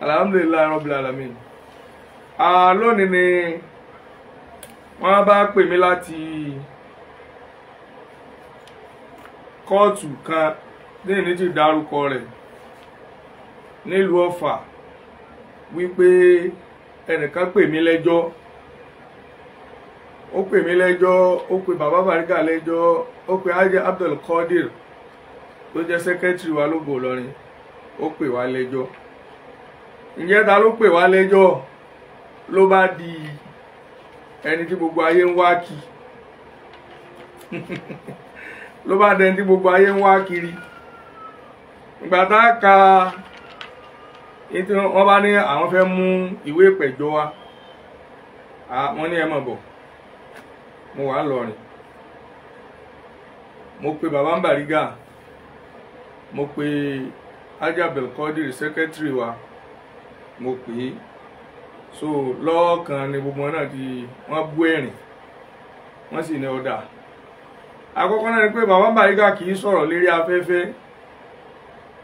alhamdulilayi rabbil alamin ah, lónìí ni wọn bá pè mí láti kóòtù kan ní ìníjì dárúkọ rẹ̀ nílùú Ọ̀fà wípé ẹnìkan pè mí lẹ́jọ́ ó pè mí lẹ́jọ́ ó pè bàbá Bariga lẹ́jọ́ ó pè ajé Abdul Qadir tó jẹ́ sẹ́kẹ́tìrì wa lógo Ìlọrin ó pè wá lẹ́jọ́. ǹjẹ́ ta ló pè wá lẹ́jọ́ ló bá di ẹni tí gbogbo ayé ń wá kiri ló bá dẹni tí gbogbo ayé ń wá kiri ìgbà tá a ka wọ́n bá ní àwọn fẹ́ mú ìwé ìpẹ̀jọ́ wa wọ́n ní ẹ mọ̀ bọ̀ mo wà lọ́rin mo pe baba ń bàrígà mo pe ajabel kọ́dìrì sẹ́kẹ́tìrì wa mo pè é so lọ́ọ̀kan ni gbogbo wọn náà ti wọ́n bú ẹ̀rìn wọ́n sì ní ọ̀dà àkọ́kọ́ náà ni pé bàbá Bariga kì í sọ̀rọ̀ lérí afẹ́fẹ́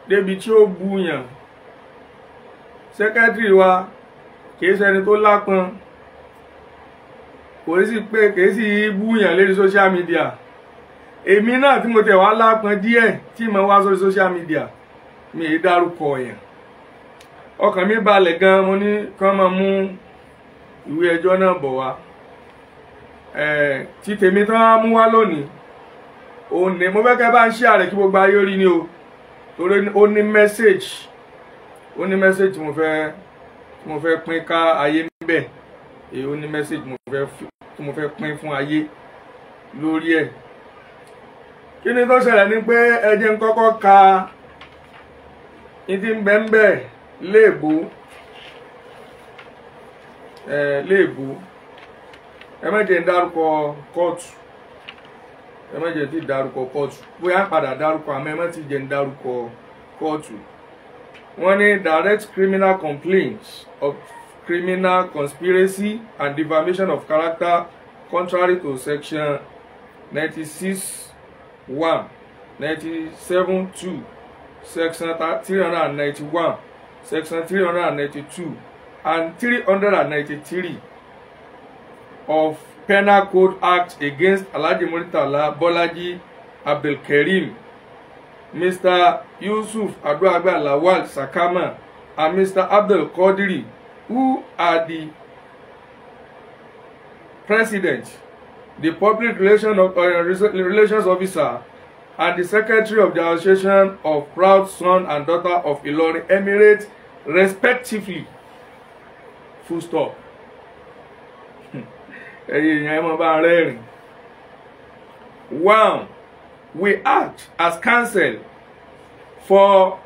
débi tí ó bu yàn sẹ́kẹ́tìrì wa kì í ṣẹni tó lápọn kò sí pé kì í sì bú yàn lérí social media èmi náà tí mo tẹ̀ wá lápọn díẹ̀ tí mo wá sórí social media mi ì dárúkọ yàn ọkàn mi balẹ̀ gan mo ní kán máa mú ìwé ẹjọ́ náà bọ̀ wá tí tèmi tán mú wá lónìí òun ni mo fẹ́ kẹ́ bá ń ṣe ààrẹ kí gbogbo ayé rí ni o torí ó ní mẹ́sẹ̀gì ó ní mẹ́sẹ̀gì mo fẹ́ mo fẹ́ pín ká ayé níbẹ̀ èyí ó ní mẹ́sẹ̀gì mo fẹ́ mo fẹ́ pín fún ayé lórí ẹ̀ kí ni tó ṣẹlẹ̀ ni pé ẹ jẹ́ ń kọ́kọ́ ka ní ti ń bẹ́ẹ̀ bẹ́ẹ̀ léèbó ẹ léèbó ẹ má jẹ́ ń dárúkọ kóòtù ẹ má jẹ́ ti dárúkọ kóòtù bóyá padà dárúkọ àmọ́ ẹ má ti jẹ́ ń dárúkọ kóòtù wọ́n ní direct criminal complaints of criminal conspiracy and defamation of character contrary to section ninety-six one ninety-seven two section three hundred and ninety-one section 392 and 393 of Penal Code Act against Alhaji Muritala Bolaji Abdulkareem, Mr. Yusuf Aduagba Lawal Sakama, and Mr. Abdul Qadiri, who are the president, the public relations, of, uh, relations officer, and the secretary of the association of proud son and daughter of Ilorin Emirates, respectively full stop ẹ̀yin we act as counsel for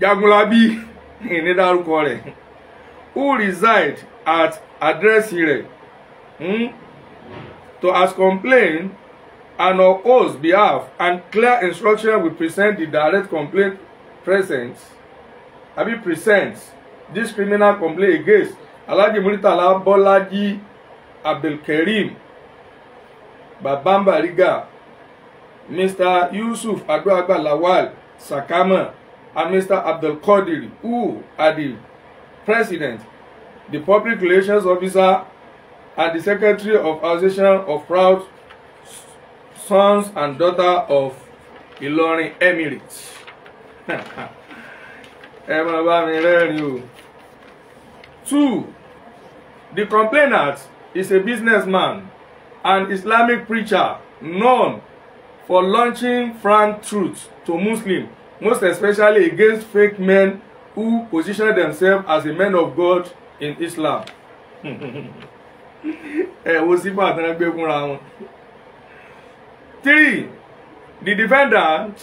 Jagunlabi ní dárúkọ who reside at address here, hmm? to as complain and on oath's behalf and clear instruction we present the direct complaint present abi present this criminal complaint against alhaji muritala bolaji abdulkareem babambariga mr yusuf adoagba lawal sakama and mr abdulkadir who are the president the public relations officer and the secretary of association of proud sons and daughter of Ilorin Emirate ẹ máa bá mi rẹ́rìn two the complainant is a businessman an Islamic preacher known for launching frank truth to Muslims most especially against fake men who position themselves as a man of God in Islam ẹ wo sípò àtẹnagbé fúnra Three, the defendant,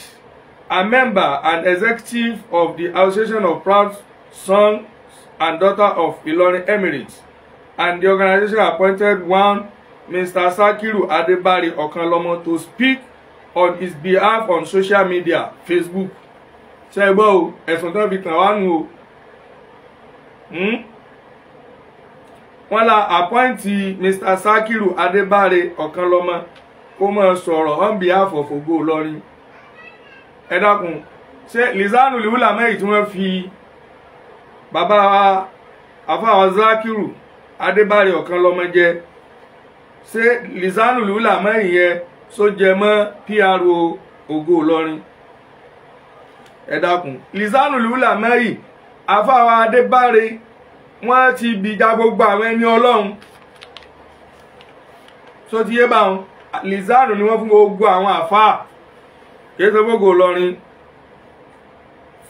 a member and executive of the Association of Proud Sons and Daughter of Ilorin Emirates, and the organization appointed one Mr. Sakiru Adebari Okanlomo to speak on his behalf on social media, Facebook. Ṣé ẹ gbọ́ o, ẹ̀sùn tó ń fi kàn wá nù o. Hmm? Wọ́n la appoint Mr. Sakiru Adebari Okanlomo kó máa sọ̀rọ̀ on behalf of Ogo Ìlọrin ẹ dákun ṣé lizanu liwula mẹ́yì tí wọ́n fi bàbá afáwọn Zakiru Adébárí ọ̀kan lọ́mọ jẹ ṣé lizanu liwula mẹ́yì yẹn só jẹ mọ́ PRO Ògo Ìlọrin ẹ dákun lizanu liwula mẹ́yì afáwọn Adébárí wọ́n ti bìjà gbogbo àwọn ẹni Ọlọ́run só ti yé báwọn lizaro ni wọ́n fún gbogbo àwọn àfáà kìí gbogbo Ìlọrin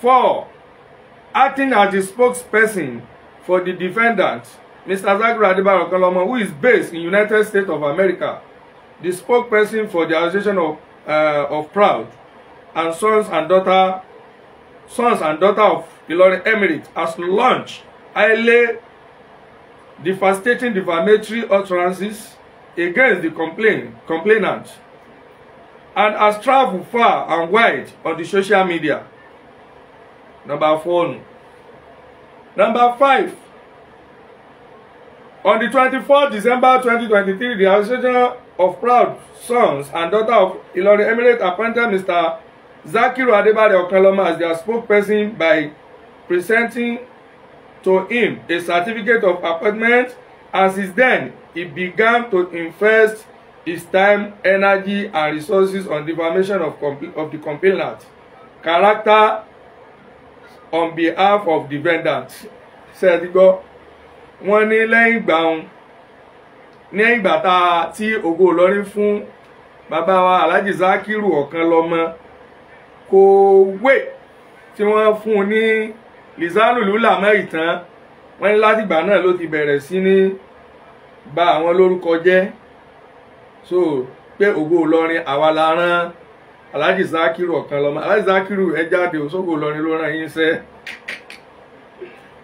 four acting as the spokesperson for the defendant Mr. Zakiru Adebayo Okanlomo who is based in United States of America the spokesperson for the Association of, uh, of Proud and Sons and Daughter Sons and Daughter of Ilorin Emirate has launched highly devastating defamatory utterances against the complain, complainant and has traveled far and wide on the social media. Number four. Number five. On the 24th December 2023, the Association of Proud Sons and Daughter of Ilori Emirate appointed Mr. Zakiru Adebade Okaloma as their spokesperson by presenting to him a certificate of appointment And since then, he began to invest his time, energy, and resources on defamation of, of the complainant, character on behalf of the Ṣé ti gbọ́? Wọ́n ní lẹ́yìn ìgbà òun ní ìgbà tá a tí Ògo Ìlọrin fún bàbá wa Alhaji Zakiru ọ̀kan lọ́mọ kò wé tí wọ́n fún un ní Lizanul Ulama ìtàn wọ́n ní látìgbà náà ló ti bẹ̀rẹ̀ sí ní bà àwọn lórúkọ jẹ́ so pé ògo Ìlọrin àwa la rán Alhaji Zakiru ọ̀kan lọ́mọ Alhaji Zakiru ẹ jáde òṣogbo Ìlọrin ló rán yín sẹ́.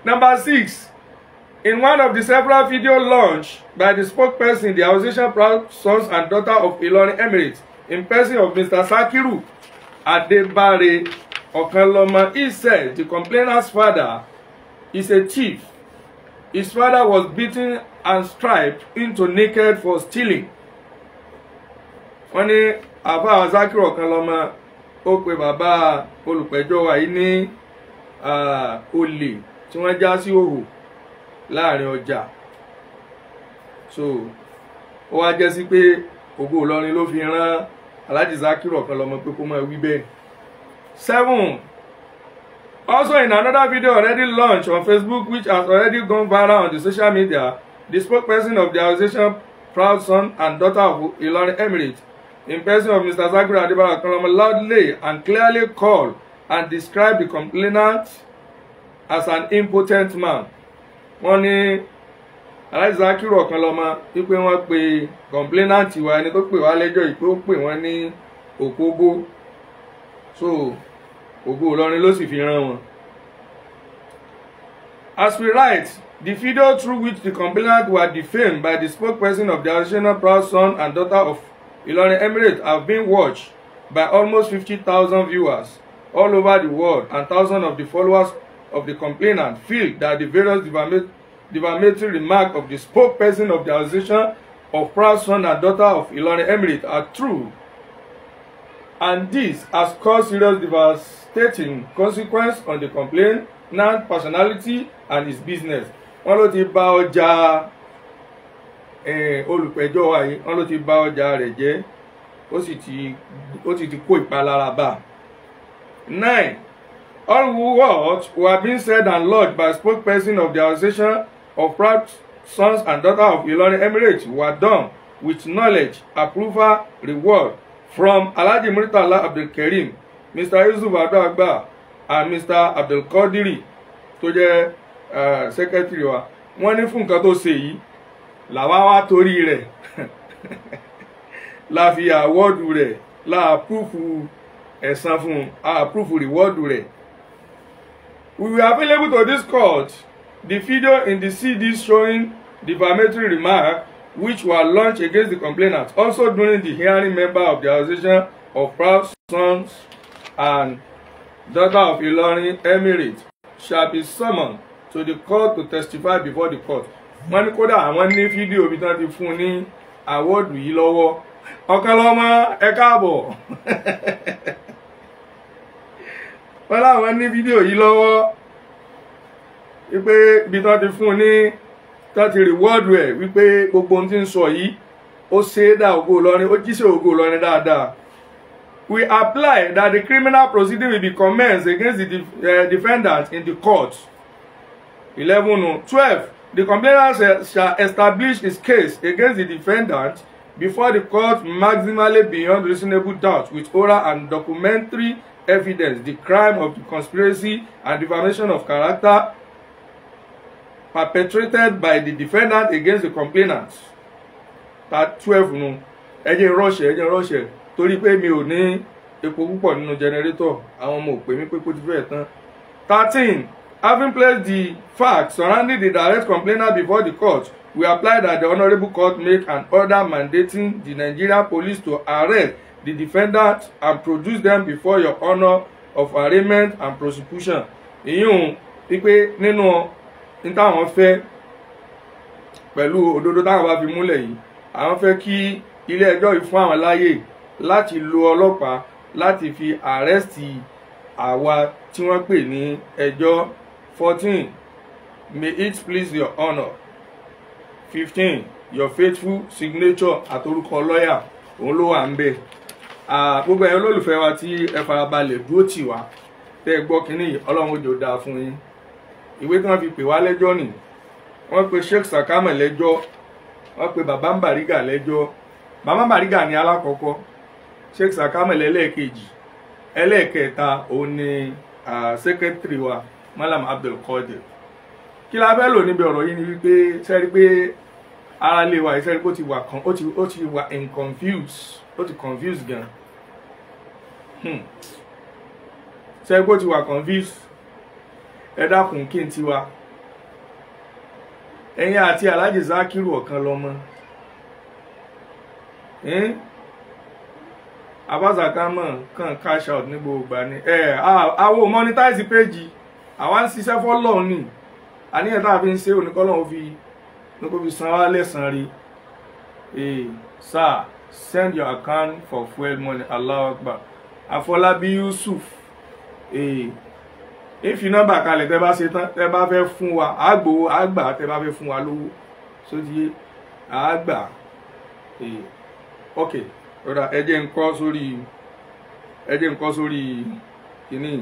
Number six, in one of the several video launched by the spokesperson, the Association Proud Sons and Daughter of Ilorin Emirate, in person of Mr. Sakiru Adebare Okanloma, he said the complainant's father is a chief. His father was beaten and striped into naked for stealing. Wọ́n ní àbá Zakiru ọ̀kan lọ́mọ ó pe bàbá olùpẹ̀jọ́ wa yìí ní olè tí wọ́n já sí òhò láàrin ọjà. So ó wá jẹ́ sí pé ògo Ìlọrin ló fi rán Alhaji Zakiru ọ̀kan lọ́mọ pé kó máa wí bẹ́ẹ̀. seven Also, in another video already launched on Facebook, which has already gone viral on the social media, the spokesperson of the organization, proud son and daughter of Ilorin Emirate, in person of Mr. Zakir Adebara Koloma, loudly and clearly called and described the complainant as an impotent man. Wọ́n ní Aláàjì Zakiru Ọ̀kanlọ́mọ wípé wọ́n pe complainant wa ẹni tó pè wá lẹ́jọ́ yìí ó pè wọ́n ní òkóbó. So, Ògo Ìlọrin ló sì fi rán wọn. As we write, the video through which the complainant were defamed by the spokesperson of the original proud son and daughter of Ilorin Emirate have been watched by almost 50,000 viewers all over the world and thousands of the followers of the complainant feel that the various defamatory remarks of the spokesperson of the Association of Proud Son and Daughter of Ilorin Emirate are true and this has caused serious devastating consequence on the complainant personality and his business wọ́n ló ti bà ọjà eh, olùpẹ̀jọ́ wa yìí wọ́n ló ti bà ọjà rẹ̀ jẹ́ ó sì ti ó sì ti kó ìpalára bá a. nine all words were being said and lodged by spokesperson of the association of proud sons and daughters of Ilorin Emirates were done with knowledge approval reward from alhaji muritala abdulkareem mr yusuf adoagba and mr abdulkadiri tó jẹ́ uh, secretary wa wọ́n ní fún nǹkan tó ṣe yìí làwa wá torí rẹ̀ la fi àwọ́dù rẹ̀ la àpúrúfù ẹ̀san fún un àpúrúfù rìwọ́dù we were available to this court the video in the cd showing the parliamentary remark which were launched against the complainant. Also during the hearing, member of the Association of Proud Sons and Daughter of Ilorin Emirate shall be summoned to the court to testify before the court. Wọ́n ní kódà àwọn ní fídíò bí wọ́n ti fún ní àwọ́dù yìí lọ́wọ́. Ọ̀kan lọ́mọ ẹ káàbọ̀. Wọ́n láwọn ní fídíò yìí lọ́wọ́. Wípé bí wọ́n ti fún ní tán ti rìwọ́ọ̀dù ẹ̀ wípé gbogbo ohun tí ń sọ yìí ó ṣe é dá ògo Ìlọrin ó jíṣẹ́ ògo Ìlọrin dáadáa we apply that the criminal proceeding will be commenced against the def uh, defendant in the court. eleven twelve the complainant shall establish his case against the defendant before the court maximally beyond reasonable doubt with oral and documentary evidence the crime of the conspiracy and defamation of character perpetrated by the defendant against the complainant part twelve nu ẹ jẹ́ rọ́ọ̀ṣẹ̀ ẹ jẹ́ rọ́ọ̀ṣẹ̀ torí pé mi ò ní epo púpọ̀ nínú generator àwọn ọmọ òpè mi pé kó ti fẹ́ẹ̀ tán thirteen having placed the facts surrounding the direct complainant before the court we apply that the honourable court make an order mandating the nigerian police to arrest the defendant and produce them before your honour of arraignment and prosecution ìyún pípé nínú ní táwọn fẹ́ pẹ̀lú òdodo táwọn bá fi múlẹ̀ yìí àwọn fẹ́ kí ilé ẹjọ́ yìí fún àwọn láyè láti lo ọlọ́pàá láti fi àrẹ́sì àwa tí wọ́n pè ní ẹjọ́ fourteen may it please your honour fifteen your faithful signature àtorúkọ lọ́yà òun ló wà ń bẹ̀ gbogbo ẹ̀yin olólùfẹ́ wa tí ẹ farabalẹ̀ dúró tì wá tẹ́ ẹ gbọ́ kínní ọlọ́run ó dáa fún yín ìwé tí wọ́n fi pè wá lẹ́jọ́ nì wọ́n pe Sheikh Sakama lẹ́jọ́ wọ́n pe bàbá ń Bàrígà lẹ́jọ́ bàbá ń Bàrígà ní alákọ̀ọ́kọ́ Sheikh Sakama lẹ́lẹ́ẹ̀kejì ẹlẹ́ẹ̀kẹta òun ni sẹ́kẹ́tìrì wa Malam Abdul Qadir kí la fẹ́ lò níbi ọ̀rọ̀ yìí ni wípé sẹ́rí pé ara lè wà ìsẹ́rí pé ó ti wà kan ó ti ó ti wà in confuse ó ti confuse gan sẹ́rí hmm. pé ó ti wà confuse ẹ dákun kí n ti wa ẹ̀yin àti Alhaji Zakiru ọ̀kan lọ́mọ abazakama kan cash out ní gbogbo ní ẹ àwo monetize page àwa ń ṣiṣẹ́ fọ́lọ́ọ̀ ni àníyàn tá a fi ń ṣe oníkọ́lọ́ ó fi san wá lẹ́sàn rí ee sir send your account for fuel money Allahu Akbar Afọlábí Yusuf ee ìfi nọ́mbà kalẹ̀ tẹ́ bá ṣe tán tẹ́ bá fẹ́ fún wa àgbò àgbà tẹ́ bá fẹ́ fún wa lówó sódìé àgbà ok rọra ẹ jẹ́ n kọ sórí ẹ jẹ́ n kọ sórí kìíní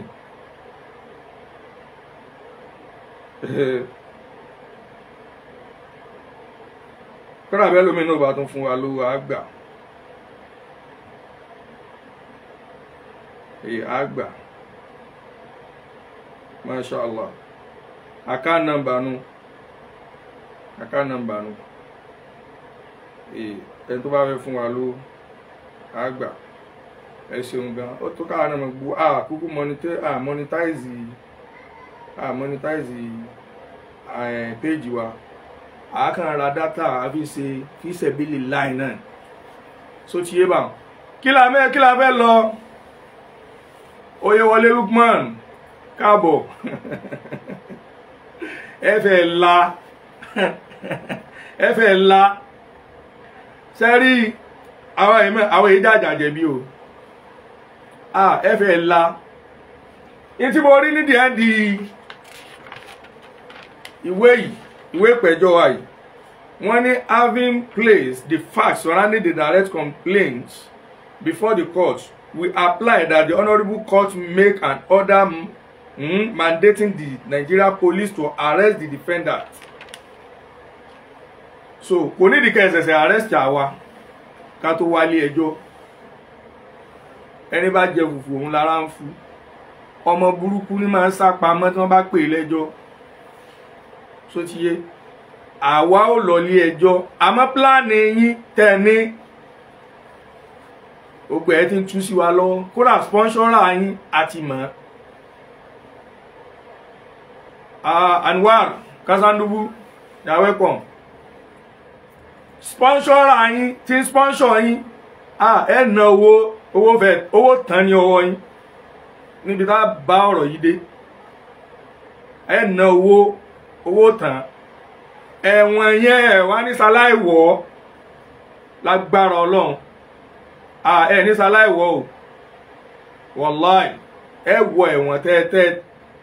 kọ́ra bẹ́ẹ̀ lómi náà bá tún fún wa lówó àgbà àgbà masha allah account number nu account number nu e, ẹni tó bá fẹ́ fún wa ló á gbà ẹ ṣeun gan ó tó káwọn náà gbó a kúkú monetize ah monetize page wa a kàn ra data a fi ṣe fi ṣẹ̀bílì line náà so ti yé bá kí la mẹ́ oye wale fẹ́ lọ oyewọlé Lukman káàbọ̀ ẹ fẹ́ la ẹ fẹ́ la sẹ́rí àwọn èèmọ̀ àwọn èèdà àjàjẹ̀ bí o ẹ fẹ́ la ìtí mo rí nídìí ẹ́ di ìwé yìí ìwé ìpẹ̀jọ́ wa yìí wọ́n having placed the facts surrounding the direct complaints before the court we apply that the honourable court make an order mm, mandating the Nigeria police to arrest the defendant so kò nídìí ká ẹsẹsẹ arrest àwa ká tó wálé ẹjọ́ ẹni bá jẹ fùfù òun lára ń fu ọmọ burúkú ni máa ń sá pamọ́ tí wọ́n bá pè lẹ́jọ́ so ti yé àwa ò lọlé ẹjọ́ àmọ́ pílánì yín tẹ̀ ní gbogbo ẹ ti ń tú sí wa lọ́wọ́ kódà spọ́nṣọ́rà yín àti mọ̀ ọ́ uh, Anwar Kazandubu you welcome sponsor yín tí sponsor yín ah ẹ na owó owó fẹ owó tán ní ọwọ́ yín níbi tá a bá ọ̀rọ̀ yìí dé ẹ na owó owó tán ẹ̀wọ̀n yẹn ẹ wá ní sáláì lágbára Ọlọ́run ah ẹ ní sáláì wọ o wàláì ẹ wọ ẹ̀wọ̀n tẹ tẹ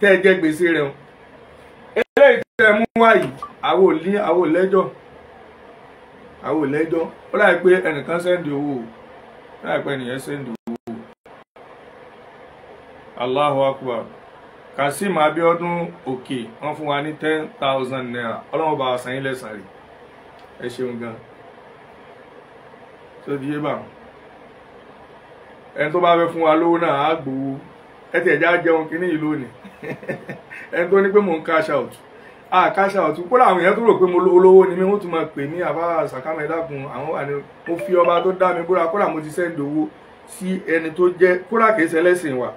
tẹ jẹ gbèsè rẹ o. eléyìí tẹ́ mú wáyìí àwọn òlí àwọn òlẹ́jọ́ àwọn òlẹ́jọ́ ó láì pé ẹnìkan sẹ́ndì owó láì pé ẹnìyẹn Allahu Abiodun Òkè wọ́n fún wa ní thousand naira ọlọ́run bá wa yín lẹ́san rẹ̀ ẹ ṣeun gan tó di yé bá ẹni tó bá fẹ́ fún wa lówó náà á gbowó ẹ já jẹun kínní cash out àkáṣà ah, ọ̀tún kó làwọn èèyàn tó rò pé mo olówó ni mí wọ́n tún máa pè ní àbá sàkámà ẹ̀dàkùn àwọn wà mo fi ọba tó dá mi búra kó ti sẹ́ńdì owó sí ẹni tó jẹ́ kó là kìí ṣẹlẹ́sìn wà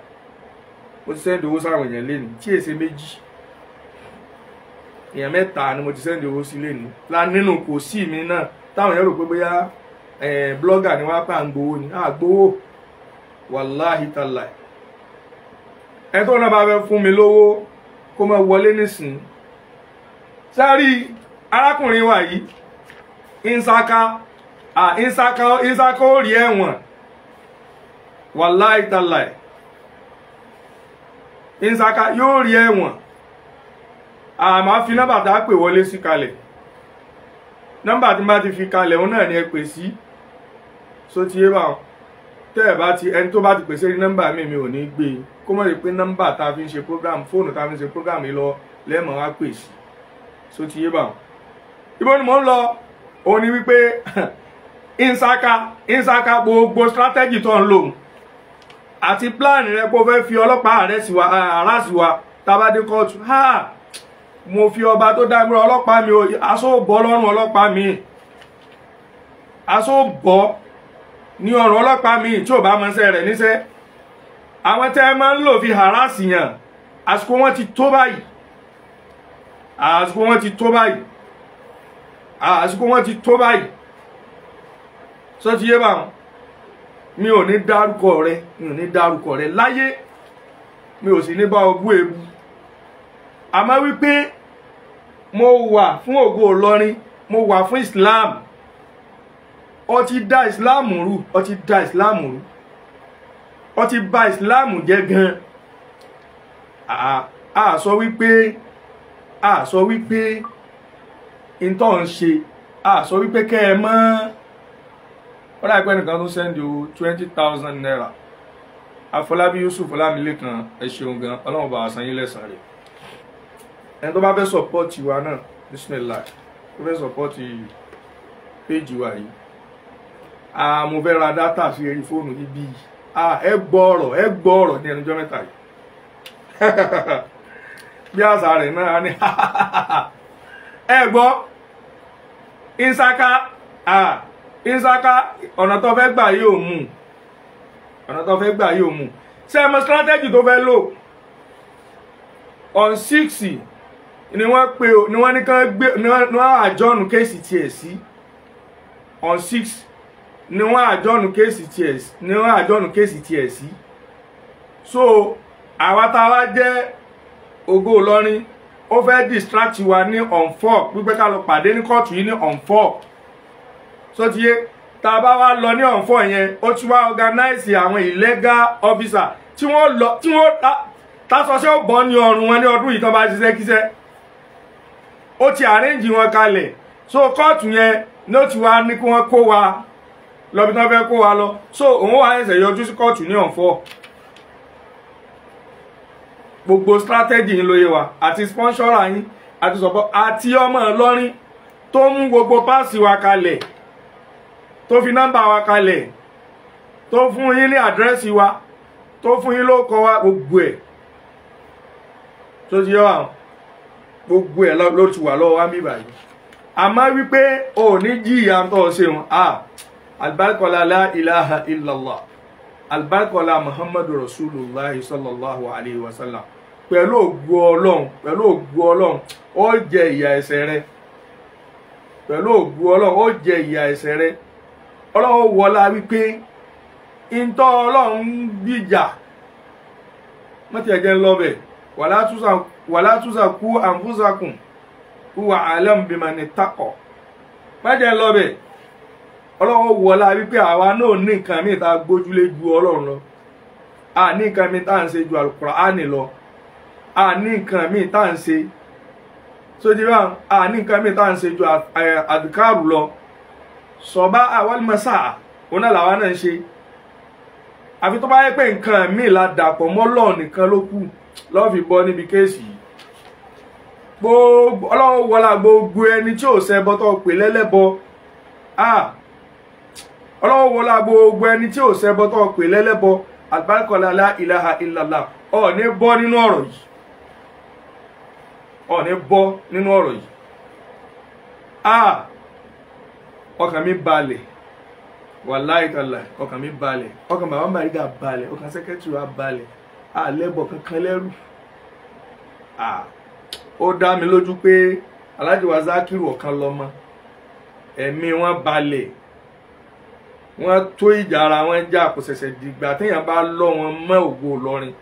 mo ti sẹ́ńdì owó sáwọn èèyàn lẹ́nu tí èsè méjì ni mo ti sẹ́ńdì owó sí lẹ́nu la nínú kò mi náà táwọn èèyàn rò pé bóyá blọ́gà ni wọ́n á ń gbowó ni gbowó tàlà ẹ tó náà bá fẹ́ fún sẹ́rí arákùnrin wa yìí ìsaka ìsaka ìsaka ó rí ẹ̀wọ̀n wàláì tàláì ìsaka yóò rí ẹ̀wọ̀n àmà fi nọ́mbà tá a pè wọlé sí kalẹ̀ nọ́mbà tí n bá ti fi kalẹ̀ òun náà ni ẹ pè sí so ti yé bá wọn tẹ́ ẹ̀ bá ti ẹni tó bá ti pèsè rí nọ́mbà mi mi ò ní gbé e kó mọ̀ rí pé nọ́mbà tá a fi ń ṣe fóònù tá a fi ń ṣe program yìí lọ lẹ́ẹ̀mọ́ wá pè sí so ti yé báwọn ibo ni mò ń lọ òun ni wípé ìsaka ìsaka gbogbo strategy tó ń lò plan rẹ kó fẹ́ fi ọlọ́pàá rẹ síwá ara síwá tabadé kóòtù ha mo fi ọba tó dágbére ọlọ́pàá mi aso bo, lọ́rùn ọlọ́pàá mi aṣọ bọ́ ní ọ̀rùn ọlọ́pàá mi tí ò bá mọṣẹ́ rẹ̀ níṣẹ́ àwọn tẹ́ ẹ máa ń lò fi harassment yàn àsìkò wọn ti tó báyìí àsìkò wọn ti tó báyìí àsìkò wọn ti tó báyìí sọ ti yé báwọn mi ò ní dárúkọ rẹ mi ò ní dárúkọ rẹ láyé mi ò sì ní bá ọ bú ebu wípé mo wà fún ògo Ìlọrin mo wà fún Islam ó da Islam rú ó da Islam rú ó ba Islam jẹ́ gan-an a sọ wípé. So a sọ wípé ntọ́ ń ṣe a sọ wípé kẹ́ ẹ mọ́ wọ́n láìpẹ́ nìkan tó sẹ́ndì o twenty thousand naira Afọlábí Yusuf Ọlámilékan ẹ ṣeun gan Ọlọ́run bá a san yín lẹ́sàn-án rẹ̀ ẹni tó bá fẹ́ sọ̀pọ́ọ̀tì wa náà bismillah tó fẹ́ sọ̀pọ́ọ̀tì péjì wa yìí ah mo fẹ́ ra dátà sí eré fóònù níbí yìí ah ẹ gbọ́ ọ̀rọ̀ ẹ gbọ́ ọ̀rọ̀ ní ẹnujọ́ mẹ́ta yìí bí àṣà rẹ̀ náà ni ẹ gbọ́ ìsáká ìsáká ọ̀nà tó fẹ́ gbà yóò mú ọ̀nà tó fẹ́ gbà yóò mú ṣé ẹ strategy tó fẹ́ lò on six ni wọ́n pe ni wọ́n ní kán gbé ni wọ́n àjọ́nù kéèsì tiẹ̀ sí on six ni wọ́n àjọ́nù kéèsì tiẹ̀ ni wọ́n àjọ́nù kéèsì tiẹ̀ sí so àwa tá a wá jẹ́ Ògo Ìlọrin ó fẹ́ distract wa ní on four pípẹ́ ká lọ pàdé ní kóòtù yìí ní on four sotiye tá a bá wá lọ ní on four yẹn ó ti wá organize àwọn illegal officer tí wọ́n lọ tí wọ́n tásọṣẹ́ ó bọ́ ní ọrùn wọn ní ọdún yìí tán bá ṣiṣẹ́ kíṣẹ́ ó ti arrange wọn kalẹ̀ so kóòtù yẹn ló ti wá ní kí wọ́n kó wa lọ bí wọ́n fẹ́ kó wa lọ so òun wá ẹsẹ̀ yọjú sí kóòtù ní on four gbogbo strategy ń lóye wa àti sponsora yín àti sọ̀pọ̀ àti ọmọ ọlọ́rin tó mú gbogbo páàsì wa kalẹ̀ tó fi nọ́mbà wa kalẹ̀ tó fún yín ní àdírẹ́sì wa tó fún yín lóko wa gbogbo ẹ̀ tó ti yọ àwọn gbogbo ẹ̀ ló ti wà lọ́wọ́ wa mí báyìí àmọ́ wípé o ò ní jìyà tó o ṣe wọn a ah, albarkola la ilaha illallah albarkola muhammadu rasulillah sallallahu alayhi wa sallam pẹ̀lú ògo ọlọ́run pẹ̀lú ògo ọlọ́run ó jẹ ìyà ẹ̀ṣẹ̀ rẹ pẹ̀lú ògo ọlọ́run ó jẹ ìyà ẹ̀ṣẹ̀ rẹ ọlọ́run wọlá wípé ntọ́ ọlọ́run gbìjà mọ́tì ẹ̀jẹ̀ ńlọ́bẹ̀ wàlá túnṣà kú àǹfùsàkùn wíwà àlẹ́mù bímọ ní takọ̀ mọ́tì ẹ̀jẹ̀ ńlọ́bẹ̀ ọlọ́run wọlá wípé àwa náà ní nǹkan mi gbójúlé ju ọlọ́run lọ a ní nǹkan mi tá à ń ṣe ju àlùkùránì lọ a ní nǹkan míì tá à ń ṣe tó ti báwọn a ní nǹkan míì tá à ń ṣe ju àdìkárù lọ sọba àwọn mọ́sà òun náà làwọn náà ń ṣe àfi tó bá yẹ pé nǹkan míì la dàpọ̀ mọ́ lọ́ọ̀ nìkan ló kù lọ́ọ́ fi bọ́ níbi kéèsì yìí gbogbo ọlọ́run wọlá gbogbo ẹni tí ò ṣẹbọ tó pè lẹ́lẹ́bọ ọlọ́run wọlá gbogbo ẹni tí ò ṣẹbọ tó pè lẹ́lẹ́bọ àgbákọ̀lá ilaha illallah ọ̀ ní bọ́ nínú ọ̀rọ̀ yìí ọ̀ní bọ́ nínú ọ̀rọ̀ yìí a ọkàn mi balẹ̀ wàláì tàlà ọkàn mi balẹ̀ ọkàn bàbá Bariga balẹ̀ ọkàn sẹ́kẹ́tìrì wa balẹ̀ a lẹ́bọ̀ kankan lẹ́rù a ó dá mi lójú pé Alhaji wa Zakiru ọ̀kan lọ́mọ ẹ̀mí wọn balẹ̀ wọ́n tó ìjà ara wọn jà kò ṣẹ̀ṣẹ̀ dìgbà téèyàn bá lọ́ wọn mọ́ ògo Ìlọrin.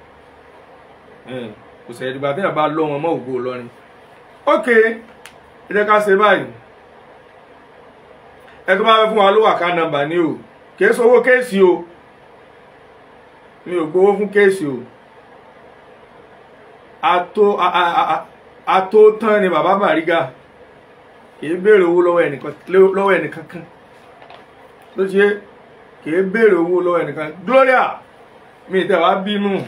Hmm kò sẹ̀ ìdìgbà téèyàn bá lọ́ wọn mọ́ ògbó Ìlọrin ok ẹ jẹ́ ká ṣe báyìí ẹ tó bá fẹ́ fún wa ló wà ká nàmbà ní o kìí sọwọ́ kéèsì o mi ò gbowó fún kéèsì o ato ato tán ni bàbá Bàrígà kìí béèrè owó lọ́wọ́ ẹnìkan kan ló ṣe kìí béèrè owó lọ́wọ́ ẹnìkan Gloria mi tẹ̀ wá bínú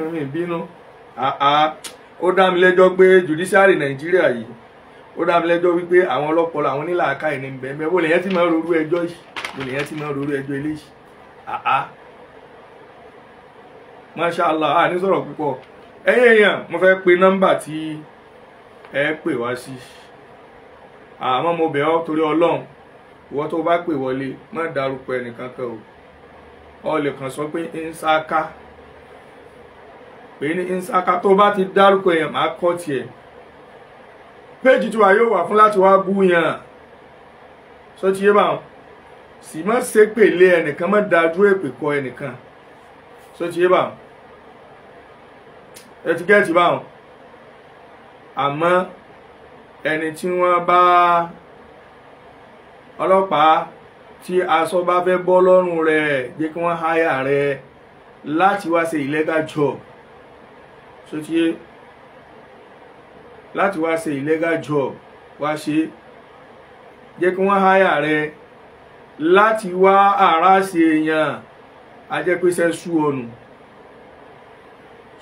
mi bínú ó dá mi lẹ́jọ́ pé judiciary nàìjíríà yìí ó dá mi lẹ́jọ́ wípé àwọn ọlọ́pọlọ àwọn onílàáká ẹni ń bẹ́ẹ̀ bó lèyẹn ti máa rorú ẹjọ́ yìí bó lèyẹn ti máa rorú ẹjọ́ eléyìí masha allah a ní sọ̀rọ̀ púpọ̀ ẹ̀yin èèyàn mo fẹ́ pe nọ́mbà tí ẹ pè wá sí àmọ́ mo bẹ̀ ọ́ torí ọlọ́run ìwọ tó bá pè wọlé má dárúkọ ẹnìkan kan o ọ lè kàn sọ pé ń sáká pè ní ìsaka tó bá ti dárúkọ èèyàn máa kọ́ tiẹ̀ e. péjì tiwa yóò wà fún láti wá bú yàn sọ ti yé báwọn sì má ṣe pèlè ẹnìkan má dájú èpè kọ ẹnìkan sọ ti yé báwọn ẹ ti gẹ́ẹ̀tì báwọn àmọ́ ẹni tí wọ́n bá ọlọ́pàá tí aṣọ bá fẹ́ bọ́ lọ́rùn rẹ̀ jẹ́ kí wọ́n háyà rẹ̀ láti wá ṣe illegal job tó ti yé láti wá ṣe illegal job wá ṣe jẹ́ kí wọ́n háyà rẹ láti wá ara ṣe èèyàn ajẹ́pẹ́sẹ́ sú ọnù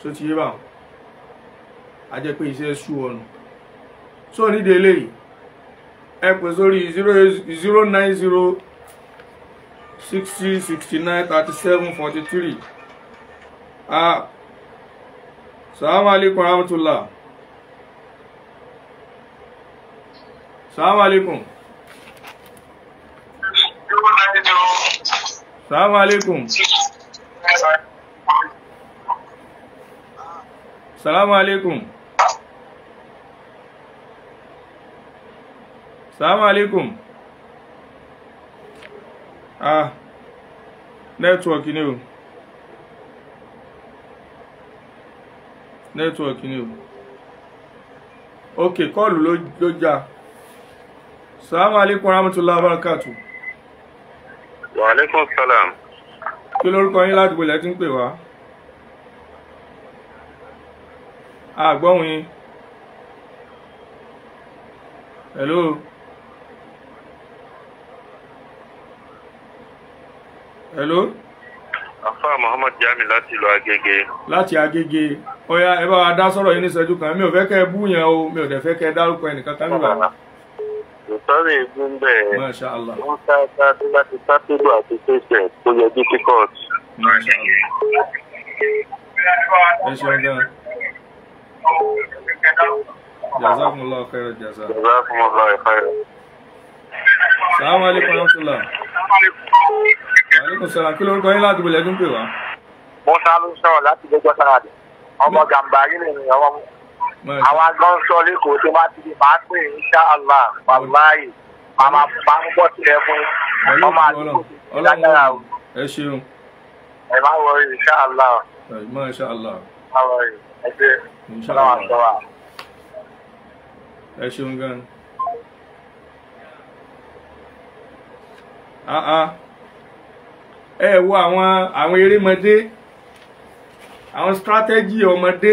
tó ti yé báwọn ajẹ́pẹ́ iṣẹ́ sú ọnù tó nídìí eléyìí ẹ pè sórí zero nine zero sixty sixty nine thirty seven forty three ah. Assalamu alaikum warahmatullah. Assalamu alaikum. Assalamu alaikum. Assalamu alaikum. Assalamu alaikum. Ah. Network ni o. nẹ́tíwọ̀kì ni o ok kọ́ọ̀lù ló já salamu alaikum warahmatullahi wabarakatuh. wa alaikum salam. kí lórúkọ yín láti gbọ́lẹ̀ tí ń pè wá. àgbọ̀hún yín. hello. hello afa muhammad jami láti ìlú agége. láti agége ọ̀ya ẹ bá wa dá sọ̀rọ̀ yìí ní ìṣẹ́jú kan mi ò fẹ́ kẹ́ ẹ bú yẹn o mi ò dẹ̀ fẹ́ kẹ́ ẹ dárúkọ ẹnìkan kan nígbà. ìtọ́rọ̀ ègbú ń bẹ̀ wọ́n ká ká tó láti sápẹ́lú àti fẹ́sẹ̀ tó yẹ difficult. ẹ ṣeun gan. jazakumullahu khairan jaza. jazakumullahu khairan. salamu alaykum wa rahmatulah aleykum salaam kí lórúkọ yín láti bolẹ̀ tún pè wá. musa ló sọ̀rọ̀ láti lẹ́jọ́ sáradì ọmọ gàmbàrí ni ìyàwó mu àwọn agbọ́n sọ lẹ́kọ̀ọ́ tó bá ti di máa pè é insha allah wàláyé màmá bá ń bọ̀ sí ẹ fún ọmọ àdúgbò ìdájára o. ẹ ṣeun. ẹ má wọrí insha allah. ẹ má insha allah. má wọrí ẹ ṣe ọlọ́wà sọ wa. ẹ ṣeun gan. ah ah ẹ wo àwọn àwọn erémọdé àwọn strategy ọmọdé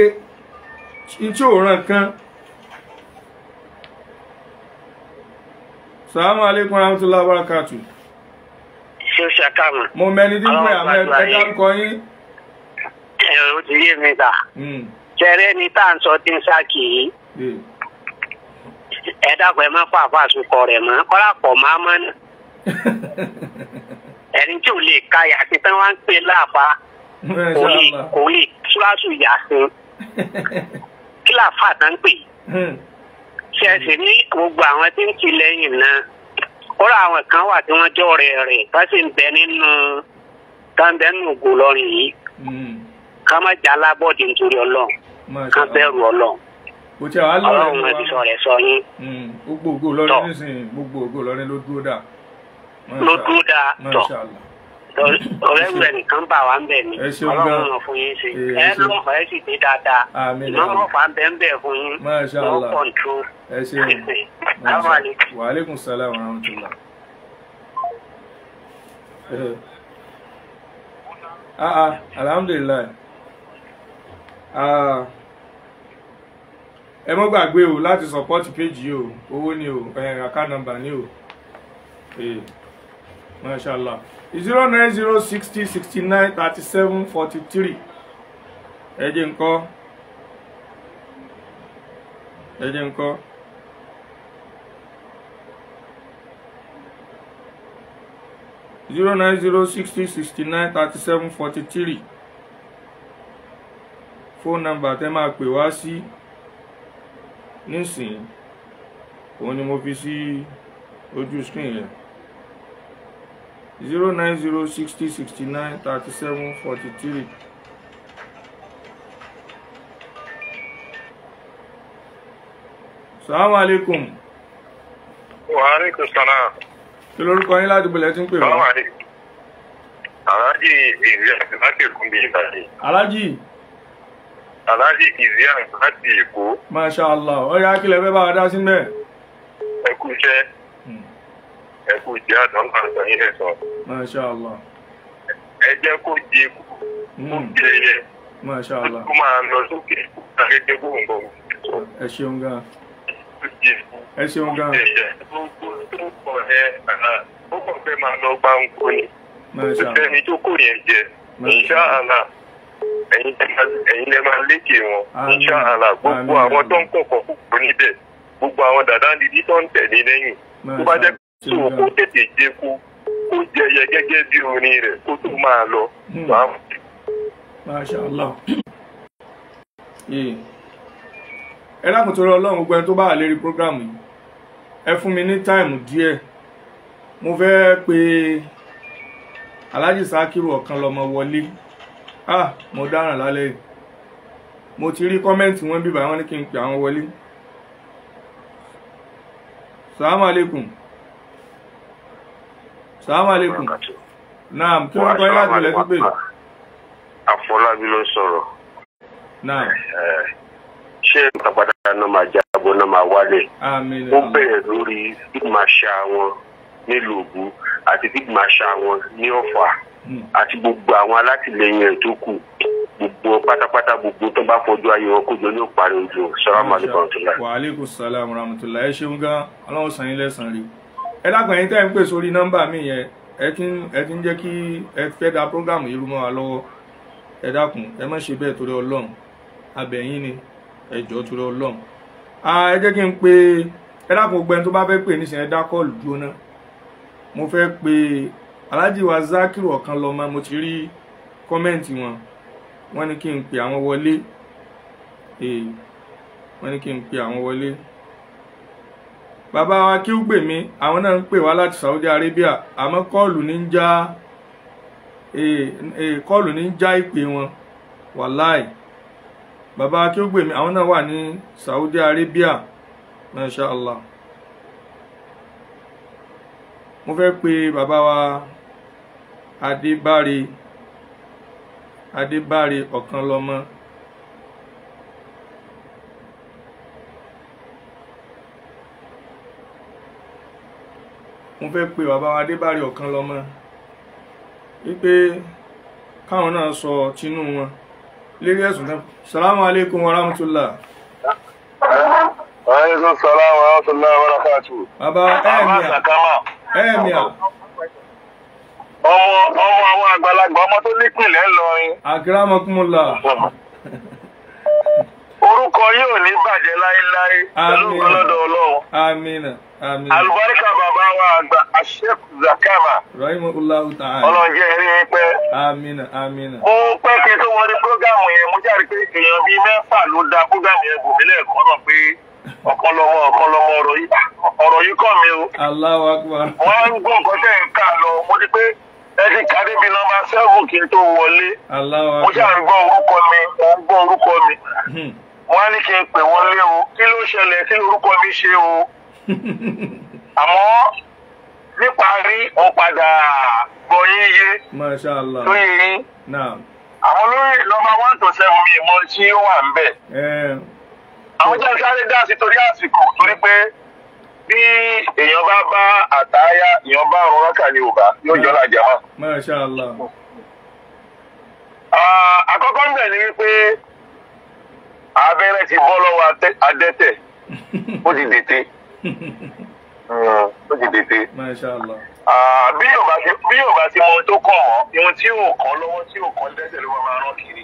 tí ò ràn kan. salamu aleykum rahmatulah barakatu. ṣé o ṣàkàmù. mo mẹni dípẹ́ àmọ́ ẹgbẹ́ dárúkọ yín. ẹ o ti yé mi ta. tẹ̀rẹ́ hmm. ni tá à ń sọ tí ń sá kì í. ẹ dàgbẹ́ má fàáfàá sùn kọ rẹ̀ mọ́ kọ́lá pọ̀ máa mọ́ náà. ẹni tí ò lè ka yàtí tán wá ń pè láàbá kò lè kò lè túrásù yàtí kí làáfà tán pè hmm. ṣe sì ní gbogbo àwọn tí ń kí lẹ́yìn náà kóra àwọn kan wà tí wọ́n jọ rẹ̀ rẹ̀ tó sì ń bẹ nínú tán bẹ nínú ògùn lọ́rùn yìí hmm. ká má jà alábọ̀dé nítorí ọlọ́run ká bẹ̀rù ọlọ́run kò tí a wá ẹ̀ sọ̀rọ̀ ẹ̀ sọ yín. Hmm. gbogbo ògo lọ́rin nísìnyí gbogbo ògo lọ́rin ló dúró dáa mo dúró dáa tọ̀ ọ̀rẹ́ rẹ̀ nìkan bà wá ń bẹ̀ ni ọlọ́run ọ̀ fún yín ṣe ẹ lọ́ ẹ sì dé dáadáa ìmọ̀mọ́ fà ń bẹ̀ ń bẹ̀ fún yín no control ẹ ṣe wà á lékún sálà wà á Ah, ah alhamdulilayi ah. ẹ mọ́ gbàgbé o láti support page yìí o owó ni o eh, account number ni o. Eh mashallah zero nine zero sixty sixty nine thirty seven forty three ẹ jẹ́ ńkọ́ ẹ jẹ́ ńkọ́. zero nine zero sixty sixty nine thirty seven forty three phone number tẹ́ máa pè wá sí nísìnyí òun ni mo fi sí ojú screen yẹn zero nine zero sixty sixty nine thirty seven forty three. salamu aleykum. wa aleykum salaam. kí lorúkọ yín láti bolẹ̀ tí ń pè wá. aláàjì ìrìn àti láti èkó bí ìbàdí. aláàjì. aláàjì ìrìn àti láti èkó. masha allah ọ̀rẹ́ akílẹ̀ fẹ́ bá wa dá sí mẹ́. ẹ kú iṣẹ́ ẹ kú jẹ́ àdánwò àgbà yín lẹ sọ. Masha Allah. ẹ jẹ́ kó di ikú kó di hmm. ẹyẹ. Masha Allah. kó máa lọ sókè àgẹgẹ gbòǹgbò. ẹ ṣeun gan. ẹ ṣeun gan. ó kàn fẹ́ máa lọ gba nǹkó ni. ìfẹ́ni tó kò yẹn jẹ. Insha Allah ẹ̀yin lè máa lékè wọn Insha Allah gbogbo àwọn tó ń kọ̀kọ̀ kúkú níbẹ̀ gbogbo àwọn dàda dídí tó ń tẹ̀lé lẹ́yìn tó bá jẹ́ tó kó tètè jẹ kó kó jẹyẹ gẹ́gẹ́ bí orin rẹ̀ kó tó máa lọ. Hmm. Masha Allah. ẹ dákun torí ọlọ́run gbẹ tó bá wà lérí programu yìí ẹ fún mi ní táìmù díẹ̀ mo fẹ́ pe Alhaji Sakiru ọ̀kan lọ́mọ wọlé ah mo dáràn lálẹ́ yìí mo ti rí kọ́mẹ́ǹtì wọn bíbá wọn ní kí n pè àwọn wọlé salamu alaikum salamu aleykum naam kí ló ń kọ́ ẹ́ láti ilẹ̀ pípé. àfọlábí ló ń sọ̀rọ̀. naam. Eh, ṣé nǹkan padà náà máa jábọ̀ náà máa wálẹ̀. ó bẹ̀rẹ̀ lórí bí màá ṣa wọn nílùú Ògùn àti bí màá ṣa wọn ní Ọ̀fà hmm. àti gbogbo àwọn alátìlẹyìn ẹ̀ tó kù gbogbo pátápátá gbogbo tó bá fojú ayé wọn kójọ ní òparí ojú sọlá màlúkọ ọtúnlá. wàhálà ikú sàlámù ramùtúlá ẹ ṣeun gan Ọlọ́run sàn yín lẹ́sàn-án rí i ẹ dákun ẹ̀yin tẹ́ ń pè sórí nọ́mbà mi yẹn ẹ ti ẹ ti ń jẹ́ kí ẹ fẹ́ da program yìí rú mọ́ wa lọ́wọ́ ẹ dákun ẹ má ṣe bẹ́ẹ̀ torí ọlọ́run abẹ̀yìn ni ẹ jọ̀ọ́ torí ọlọ́run ẹ jẹ́ kí n pe ẹ dákun gbẹ́ni tó bá fẹ́ pè nísìnyí ẹ dá kọ́ọ̀lù jóná mo fẹ́ pe Alhaji wa Zakiru ọ̀kan lọ́mọ mo ti rí kọ́mẹ́ǹtì wọn wọ́n ní kí n pe àwọn wọlé wọ́n ní kí n pe àwọn wọlé bàbá wa kí ó gbè mí àwọn náà ń pè wá láti Saudi Arabia àmọ́ kọ́ọ̀lù ní ń já e, e, kọ́ọ̀lù ní ń já ìpè wọn wàláì bàbá wa kí ó gbè mí àwọn náà wà ní Saudi Arabia masha allah mo fẹ́ pe bàbá wa Adébáre Adébáre ọ̀kan lọ́mọ. mo fẹ́ pe bàbá wa Adébárí ọ̀kan lọ́mọ wípé káwọn náà sọ tinú wọn lérí ẹ̀sùn náà salamu aleykum wa rahmatulah. aleykum salaam wa rahmatulah wa rahmatulah. bàbá ẹ̀ẹ́mìà ẹ̀ẹ́mìà. ọmọ ọmọ àwọn àgbàlagbà ọmọ tó nípìnlẹ̀ ńlọrin. àkìrámọ́kúnmọ́lá. orúkọ yóò ní bàjẹ́ láéláé pẹ̀lú ọlọ́dọ̀ ọlọ́run. amina amina. wa àgbà Sheikh Zakama. rahimahullahu ta'ala. ọlọ́njẹ́ rí pẹ́. mo pẹ́ kí n tó wọlé prógámù yẹn mo jáde pé èèyàn bíi mẹ́fà ló da prógámù yẹn bò mí lẹ́ẹ̀kan náà pé ọ̀pọ̀lọpọ̀ ọ̀pọ̀lọpọ̀ ọ̀rọ̀ yìí ah, ọ̀rọ̀ yìí kọ́ mi o. Allahu Akbar. wọ́n ń gbọ́ nǹkan tẹ̀ ń kà lọ mo ti pé ẹ ti kárí bíi nọ́mbà sẹ́fù kí n tó wọlé. Allahu Akbar. mo ṣáà orúkọ mi mo ń gbọ́ orúkọ mi. Hmm. wọ́n ní kí n pè wọlé o kí ló ṣẹlẹ̀ kí lorúkọ mi ṣe o àmọ́ níparí ó padà yé tó yé yín àwọn olóyè lọ́mọ one to seven mi mọ tí ó wà ń bẹ̀. àwọn jẹ́ sáré sí torí àsìkò torí pé bí èèyàn bá bá àtàyà èèyàn bá jọ làjà ah, àkọ́kọ́ ń abẹ́rẹ́ ti bọ́ lọ́wọ́ adẹ́tẹ̀ ó ti dètè ó ti dètè. bí yorùbá ti bí yorùbá ti mọ ohun tó kọ̀ mọ́ ohun tí yóò kọ́ lọ́wọ́ tí yóò kọ́ dẹ́sẹ̀ ló máa rán kiri.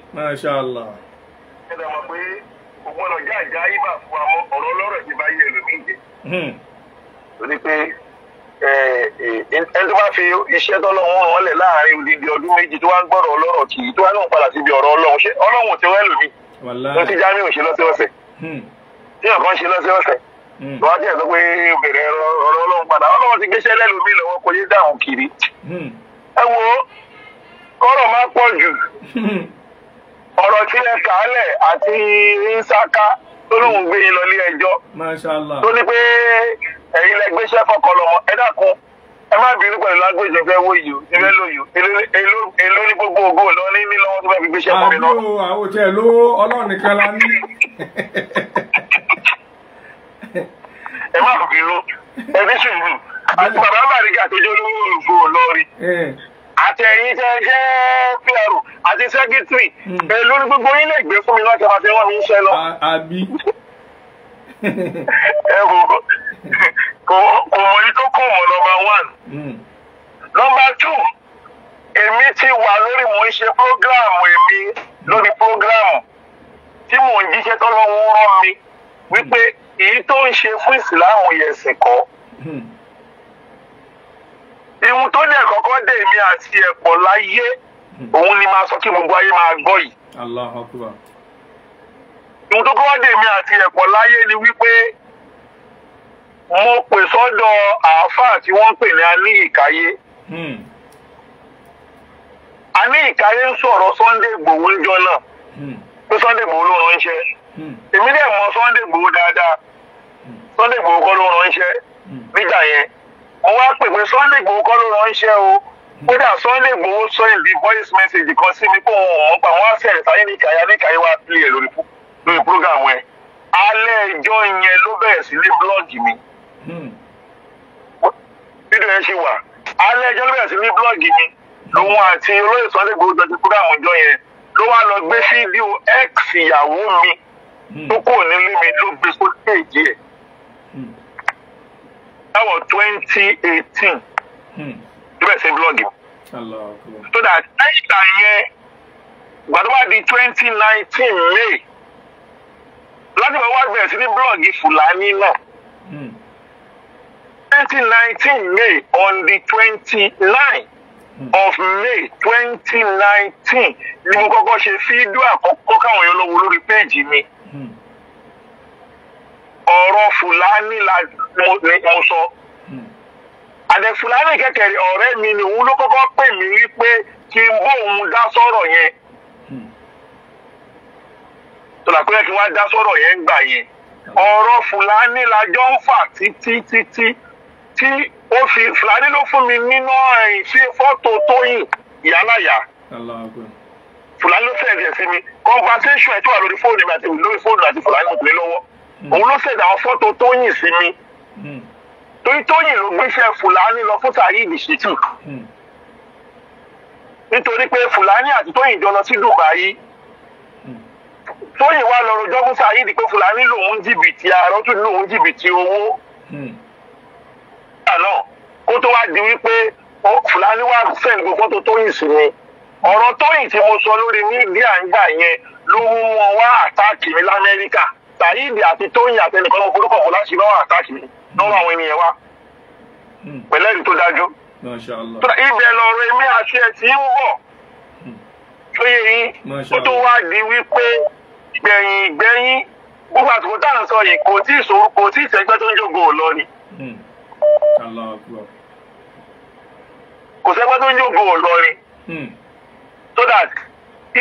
ẹ dàgbà pé ògbọ́dọ̀ jáàjá ibà fún àwọn ọ̀rọ̀ ọlọ́rọ̀ ti bá yẹ lómi jẹ. Hmm. torí pé ẹni tó bá fi iṣẹ́ tọ́lọ́wọ́ wọn lẹ̀ láàrin odidi ọdún méjì tó wá ń gbọ́rọ̀ ọlọ́rọ̀ kì í tó wá náà padà síbi ọ̀rọ̀ ọlọ́run ṣé ọlọ́run ti rẹ́ lómi lọ sí jamiu ṣe lọ́sẹ̀ọ̀sẹ̀ tí hmm. ọ̀kan ṣe lọ́sẹ̀ọ̀sẹ̀ lọ́wọ́ tí ẹ̀ sọ pé bèrè ọ̀rọ̀ ọlọ́run padà ọlọ́run ti gbéṣẹ́ lẹ́nu mi lọ́wọ́ kò yé dáhùn kiri hmm. ẹ wo kọ́rọ̀ máa pọ̀ jù hmm. ọ̀rọ̀ tí ẹ kà á lẹ̀ àti nsaka tó lóun gbé yín lọ ilé ẹjọ́ tó ní pé ẹ̀yin lẹ gbéṣẹ́ fọkànlọ́mọ ẹ dákun ẹ má bínú pẹ̀lú lágbèjọ fẹ́ wó yìí o ẹ fẹ́ lò yìí o èló ní gbogbo ògo lọ ní ní lọ́wọ́ tó bá fi gbéṣẹ́ fún mi lọ. àbúrò àwọn òtí ẹ̀ ló ọlọ́run nìkan la ní. ẹ má bínú ẹ ní sùúrù àti bàbá bàríkà àtẹjọ́ olówó olùgbò olórí àti ẹ̀yin tẹ́ jẹ́ pr àti sẹ́kítírì èló ní gbogbo yín lè gbé fún mi lọ́jọ́ àti wọn ní iṣẹ́ kò kò mọ yìí tó kò mọ nọmba one. Hmm. nọmba two èmi ti wà lórí mò ń ṣe prógráàmù èmi lórí prógráàmù tí mò ń jíṣẹ́ tọ́lọ́wọ́ rán mi wípé èyí tó ń ṣe fún ìsìláàmù yẹn sì kọ́. ihun hmm. tó dẹ̀ kọ́kọ́ dé èmi àti ẹ̀pọ̀ láyé hmm. òun ni máa sọ kí gbogbo ayé máa gbọ́ yìí. ihun tó kọ́kọ́ dé èmi àti ẹ̀pọ̀ láyé ni wípé. mo pè sọdọ àáfàá tí wọn pè ní aní ìkáyé hmm. aní ìkáyé ń sọrọ Sunday Igboho ńjọ́ náà hmm. pé Sunday Igboho ló ránṣẹ́ hmm. èmi dẹ̀ mọ Sunday Igboho dáadáa Sunday Igboho kọ́ ló ránṣẹ́ nígbà yẹn mo wá pè pé Sunday Igboho kọ́ ló ránṣẹ́ o kódà Sunday Igboho sọ ìdí voice message kan sí mi kó wọn mọ̀ pa wọn á sẹ̀rẹ̀ sáyé ní ìkáyé ní ìkáyé wá pílẹ̀ lórí program ẹ̀ alẹ́ ìjọ yẹn ló bẹ̀rẹ̀ sí ní blọ́ọ̀gì mi. fídíò hmm. yẹn ṣì wà alẹ́ ẹjọ́ ló bẹ̀rẹ̀ sí ní blọ́ọ̀gì ni lòun àti olóyè Sunday Igboho jọ ti kúrò àwọn ìjọ yẹn ló wá lọ gbé fídíò x ìyàwó mi hmm. tó kò nílé mi ló gbé sókè èjì ẹ̀ hmm. láwọ̀ twenty eighteen ló bẹ̀rẹ̀ sí ní blọ́ọ̀gì so that lẹ́yìn ìgbà yẹn gbàdúrà di twenty nineteen may láti bá wá bẹ̀rẹ̀ sí ní blọ́ọ̀gì Fúlàní náà. 2019 May on the 29th of May 2019 ni mo kọ́kọ́ ṣe fídíò àkọ́kọ́ káwọn èèyàn lọ lórí péèjì mi hmm. ọ̀rọ̀ Fúlàní ni mo sọ àdẹ hmm. Fúlàní kẹkẹrẹ ọ̀rẹ́ mi ni òun ló kọ́kọ́ pè mí wípé kí n bóun dá sọ̀rọ̀ yẹn hmm. tọ́lá pé kí wọ́n á dá sọ̀rọ̀ yẹn gbà yẹn ọ̀rọ̀ Fúlàní la jọ ń fà títí títí tí ó fi fúlàní ló fún mi níná ẹ̀yìn sí fọ́tò tóyìn ìyáláyà fúlàní ló sẹ̀dẹ̀ sí mi conversation ẹ̀ tó wà lórí fóònù àti lórí fóònù àti fúlàní mo tẹ̀lé lọ́wọ́ hmm. òun ló sẹ̀dẹ̀ àwọn fọ́tò tóyìn sí mi hmm. torí tóyìn ló gbéṣẹ́ fúlàní lọ fún Saheed Shittu hmm. nítorí pé fúlàní àti tóyìn jọ lọ sí Dubai tóyìn wá lọ rojọ́ fún Saheed pé fúlàní lòun jìbìtì àárọ̀ tún jìbìtì owó. nígbà náà kó tó wá di wípé fúlàní wá sẹ́ni gbogbo tó tóyìn sí mi ọ̀rọ̀ tóyìn tí mo sọ lórí mídíà ń gbà yẹn ló mú wọn wá àtáàkì mi lamẹ́ríkà tàyídì àti tóyìn àtẹnìkan lọ forúkọ kò láti lọ́wọ́ àtáàkì mi lọ́wọ́ àwọn ènìyàn wa hmm. pẹ̀lẹ́rì tó dájú ibẹ̀ lọ́rọ̀ èmi àti ẹ̀sìn ń bọ̀ hmm. tó yẹ yín ó tó wá di wípé gbẹ̀yìn gbẹ̀yìn gbogbo àtúntà ń sọ yìí kò tí ì sòrò kò tí ì sẹ́gbẹ́ tó ń jògo ò lọ ni. Hmm. kò sẹ́gbẹ́ tó ń yóò gbòòrò lọ́rin hmm. so that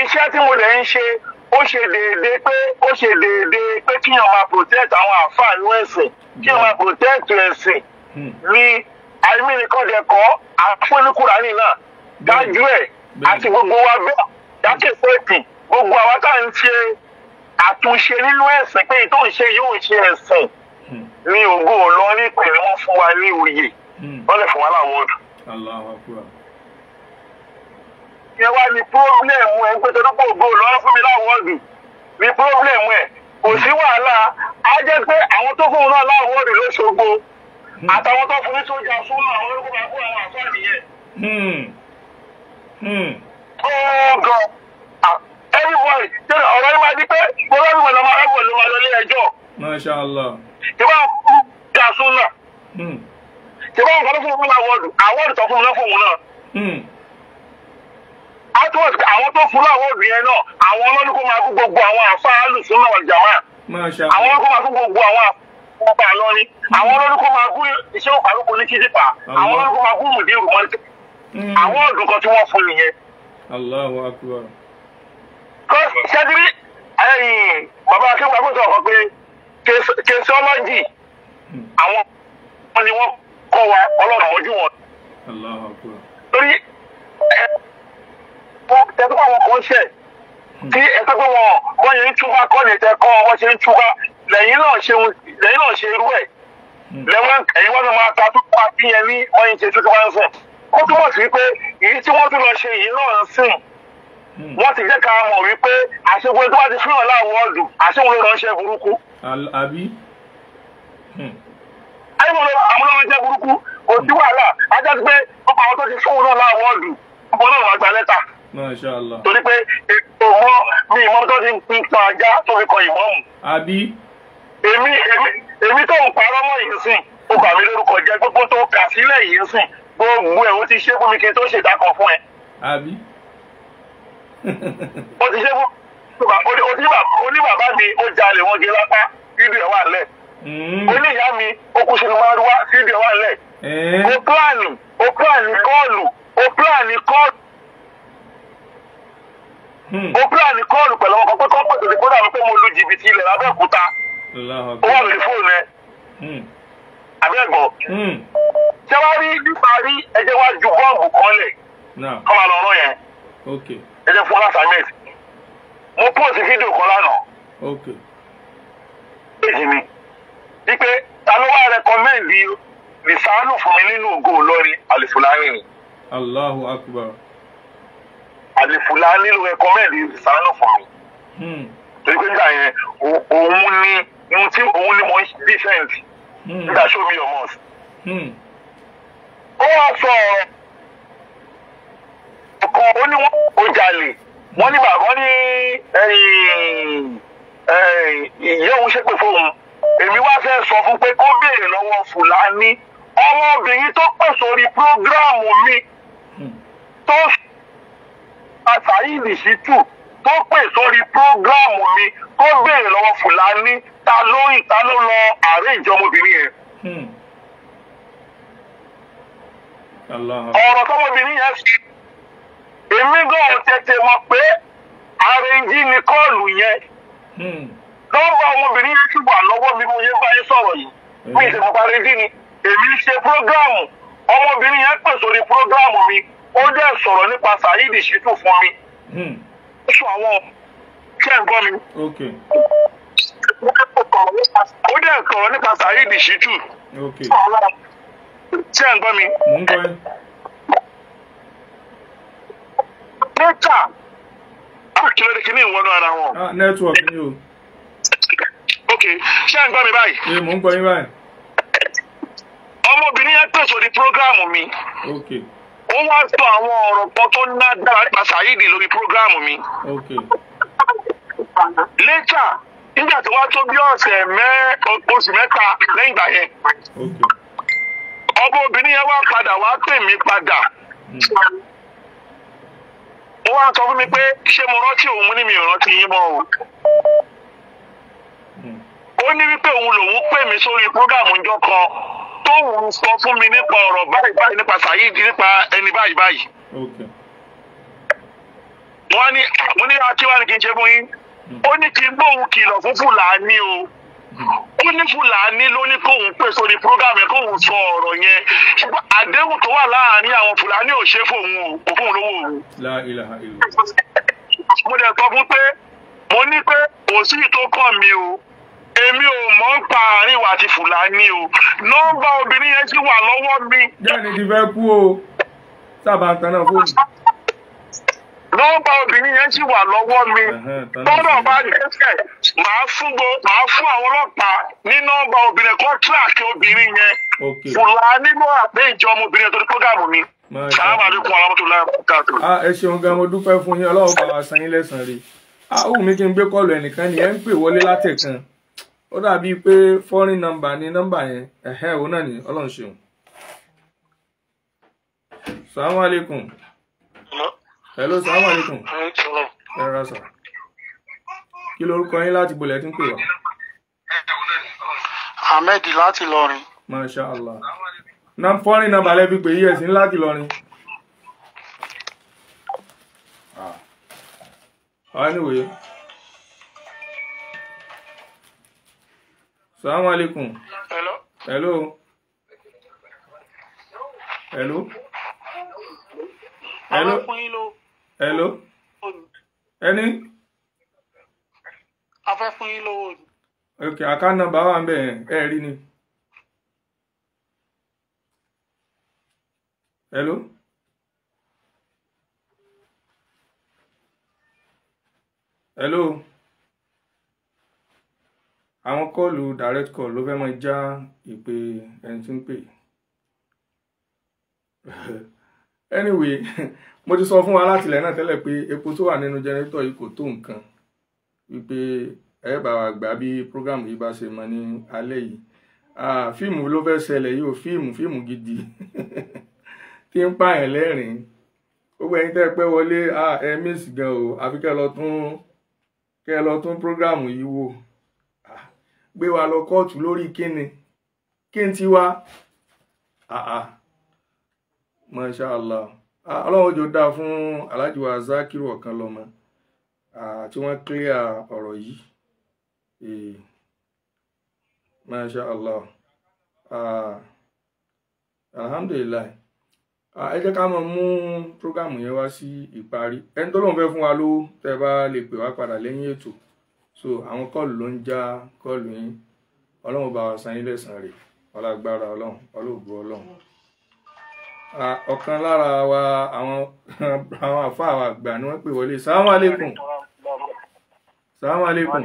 iṣẹ́ tí mo lè ń ṣe ó ṣe déédéé pé ó ṣe déédéé pé kíyàn máa protect àwọn àǹfààní ẹ̀sìn kíyàn máa protect ẹ̀sìn hmm. ní àìmínìkànjẹ̀kọ́ àfọ́nìkúra ní náà dájú ẹ̀ àti gbogbo wa bẹ́ẹ̀ dákẹ́sẹ̀tì gbogbo àwa tá à ń ṣe àtúnṣe nínú ẹ̀sìn pé ètò ìṣe yóò ṣe ẹ̀sìn ní ògo Ìlọrin pẹ̀lú wọn fún wa ní oyè hmm. wọn lè fún wa láwọn ọdún. ìyẹn wá ní pírọ́blẹ̀mù ẹ̀ ń pèsè dúpọ̀ ògo Ìlọrin fún mi láwọn ọdún ní pírọ́blẹ̀mù ẹ̀ kò sí wàhálà á jẹ́ pé àwọn tó fóun náà láwọn ọdún ló ṣògo hmm. àtàwọn tó fún sójà fún àwọn olóko máa kó àwọn àfáà nìyẹn. ó hmm. oh gan ah, everybody ọ̀rọ̀ yìí máa di pé gbọ́dọ̀ bí wọn lọ máa rẹ́gbọ̀n ló máa lọ ilé ẹjọ́. Masha Allah. ìbá ìjà súnà ìbá nǹkan tó fún mi láwọ́ọ̀dù àwọ́ọ̀dù tó fún mi lọ́fọ̀ọ́ náà. Hmm. atwọ́s àwọn tó fún láwọ́ọ̀dù yẹn náà àwọn ọlọ́dún kó máa kú gbogbo àwọn àfáàlù súnà ọ̀jàmá àwọn ọlọ́dún kó máa kú gbogbo àwọn ọba àlọ́ni àwọn ọlọ́dún kó máa kú iṣẹ́ òkàlùkù ní kìsìpà àwọn ọlọ́dún kó máa kú mùdí rùmọ́lì àwọn hmm. ọ̀dùn kan tí wọ́n fún nìyẹn. Allahu akbar. kọ́ sẹ́dúrí bàbá akẹ́kọ̀ọ́ àgbẹ̀sọ̀ kan pé kẹsíọ́lọ́jì àwọn wọn ni wọ́n kọ́ wa ọlọ́run ojú wọn. torí ẹ tẹ́tí pé àwọn kan ṣẹ̀ kí ẹ tẹ́ pé wọn wọ́n yẹn ń túká kọ́ ni tẹ́ kọ́ wọ́n ṣe ń túká lẹ́yìn náà ṣe lẹ́yìn náà ṣe irú ẹ̀ hmm. lẹ́wọ́n ẹ̀yin wọ́n ti máa ta tó pa bí yẹn ní wọ́n yẹn ṣe túká wọn sùn ó túmọ̀ sí pé èyí tí wọ́n tún lọ ṣe yìí náà ń sìn hmm. wọ́n ti jẹ́ ká mọ̀ wípé àṣegun tó bá ti fún ọ̀ láwọn àṣegun ló ránṣẹ́ burúkú àbí. ẹ̀yin mo lọ àmúlọ́wọ́ jẹ́ burúkú kò sí wàhálà ajá ti pé ọkọ̀ àwọn tó ti fóun náà láwọn ọ̀lù ọkọ̀ náà wà gba lẹ́tà. torí pé ètò mọ́ mi ìmọ̀ tó ti ń tan ajá tó fi kọ ìmọ̀ọ́mù. àbí. èmi èmi èmi tó ń parọ́ mọ́ yìí sìn ó bà mí lórúkọ jẹ́ gbogbo tó kà sílẹ̀ yìí sìn gbogbo ẹ̀ ó ti ṣe fún mi kí n tó ṣèdákan fún ẹ. àbí. ó ti ṣe fún mi. Uh, oníbàbá mi ó jalè wọn gé lápá fídíò ẹ̀ wà lẹ̀ mm. oníyá mi ó kú sínú márúwá fídíò ẹ̀ wà lẹ̀ eh. ó pílánì ó pílánì kọ́ọ̀lù ó pílánì kọ́ọ̀lù hmm. ó pílánì kọ́ọ̀lù pẹ̀lú ọkọ̀ pé kọ́ọ̀pọ̀ tètè kó dàbí pé mo lu jìbìtì ilẹ̀ lábẹ́òkúta ó wà lórí fóònù hmm. ẹ̀ hmm. ṣé wàá rí wá ju bọ́ọ̀bù kan lẹ̀ kọ́ máa lọ yẹn fún ọlá mo pose fídíò kan lánàá. okay. èyí mi wípé ta ló wá rẹkọmẹ́ǹdì lìsàánù fún mi nínú ògo Ìlọrin àlìfùlání ni. Allahu akbar. àlìfùlání ló rẹkọmẹ́ǹdì lìsàánù fún mi. Hmm. torí pé nígbà yẹn òun ni ohun tí òun ni mo ń dísẹ́ǹtì hmm. nígbà show me your mouth. Hmm. ó wá sọ ọ̀rọ̀ kan ó ní wọ́n ó jalè wọ́n ní bàbá ní ìyá òun ṣépè fóun èmi wá fẹ́ sọ fún pé kó béèrè lọ́wọ́ fúlàní ọmọbìnrin tó pè sórí prógráàmù mi tó àtàyìnì sí tù tó pè sórí prógráàmù mi kó béèrè lọ́wọ́ fúlàní ta ló ta ló lọ ààrẹ ìjọmọbìnrin yẹn. Hmm. ọ̀rọ̀ tọmọbìnrin yẹn fi. èmi gan ò tètè mọ̀ pé àrèjì ni kọ́ọ̀lù yẹn hmm. ọmọbìnrin yẹn ti lọ́wọ́ mi mo yẹ báyìí sọ̀rọ̀ yìí mi ìṣẹ̀mọ̀ àrèjì ni èmi ń ṣe ọmọbìnrin yẹn pè sórí mi ó dẹ̀ sọ̀rọ̀ nípa Saheed Shittu fún mi ó hmm. àwọn ṣẹ́ ń gbọ́ mi ó dẹ̀ sọ̀rọ̀ nípa data ah, ara wọn. Ah, ok ṣé n mi báyìí. ṣé mò ń mi. ok. ó wá sọ àwọn ọ̀rọ̀ kan tó ná dára nípa lórí programu mi. ok. later nígbà tó wá tó bí ọ̀sẹ̀ mẹ́ oṣù mẹ́ta lẹ́yìn ìgbà yẹn. ok. ọmọbìnrin yẹn wá padà wá pè padà. Hmm. ó wá sọ fún mi pé ṣé mo rántí òun mú ní mi ò rántí yín mọ́ o ó ní wípé òun lòun pè mí sórí prógámù ńjọ́ kan tóun sọ fún mi nípa ọ̀rọ̀ báyìí báyìí nípa Saheed nípa ẹni báyìí báyìí wọ́n ní mo ní akíwá kì í ṣe fún yín ó ní kí n bóun kìlọ̀ fún Fúlàní o. Okay ó ní fúlàní ló ní kóun pè sórí program yẹn sọ ọ̀rọ̀ yẹn ṣùgbọ́n àdéhùn tó wà láàárín àwọn fúlàní ò ṣe fóun o kò fóun lówó o. mo dẹ̀ sọ fún pé mo ní pé kò sí ìtò kàn mí o èmi ò mọ̀ ń pa àárín wa àti fúlàní o nọ́mbà obìnrin yẹn sì wà lọ́wọ́ mi. jáde ti fẹ́ kú o sábà ń náà fóònù. nọ́mbà obìnrin yẹn ti wà lọ́wọ́ mi tọ́nà bá dẹ́sẹ̀ màá fún màá fún àwọn ọlọ́pàá ní nọ́mbà obìnrin kan tíráàkì obìnrin yẹn fúlàní ló àgbẹ̀ ìjọ ọmọbìnrin yẹn torí prógámù mi sàlámà àlékún alámọ́tòlá ẹ ṣeun gan mo dúpẹ́ fún yín ọlọ́run bá wa san yín lẹ́sàn ah, kí n gbé ẹnìkan ni ẹ ń pè wọlé látẹ̀kan dàbí pé fọ́rin nọmba ni hello salamu alaikum ẹ rà sà kí lorúkọ yín láti bolẹ̀ tí ń pè wá. ahmed láti lọrin. masha allah na fọ́nrín nọ́mbà lẹ́bi pé yíyẹ sí láti lọrin. Ah. Ah, anyway salamu alaikum. hello. hello. hello. hello. hello hello ẹni. a fẹ́ fún yín lówó ni. ok account number wà ń bẹ̀ ẹ̀ rí ni. hello. hello àwọn kọ́ọ̀lù direct call ló fẹ́ máa já ìpè ẹni tí ń pè anyway mo ti sọ fún wa láti ilẹ̀ náà tẹ́lẹ̀ pé epo tó wà nínú jẹnẹrétọ̀ yìí kò tó nǹkan wípé ẹ wa gbà bí program yìí bá ṣe mọ ní alẹ́ yìí fíìmù ló fẹ́ ṣẹlẹ̀ yìí ò fíìmù fíìmù gidi tí ń pààyàn lẹ́rìn-ín gbogbo ẹ̀yin tẹ́ pẹ́ wọlé ẹ miss gan o àfi kẹ́ lọ tún kẹ́ lọ tún program yìí wò gbé wa lọ kóòtù lórí kíni kí n ti wá masha allah ah, ọlọ́run ojú dáa fún alhaji wa zakiru ọ̀kan lọ́mọ ah, tí wọ́n clear ọ̀rọ̀ yìí eh, masha allah ah, alhamdulillah ẹ jẹ́ ká máa mú prógámù yẹn wá sí ìparí ẹni tó lóun fẹ́ fún wa lówó tẹ́ bá lè pè wá padà lẹ́yìn ètò so àwọn kọ́ọ̀lù ló ń já kọ́ọ̀lù yín ọlọ́run bá wa san yín lẹ́san rẹ̀ ọlágbára ọlọ́run ọlọ́ògbó ọlọ́run ọ̀kan lára wa àwọn àwọn àfa àwọn àgbà ni wọ́n pè wọlé sàmú alẹ́kùn sàmú alẹ́kùn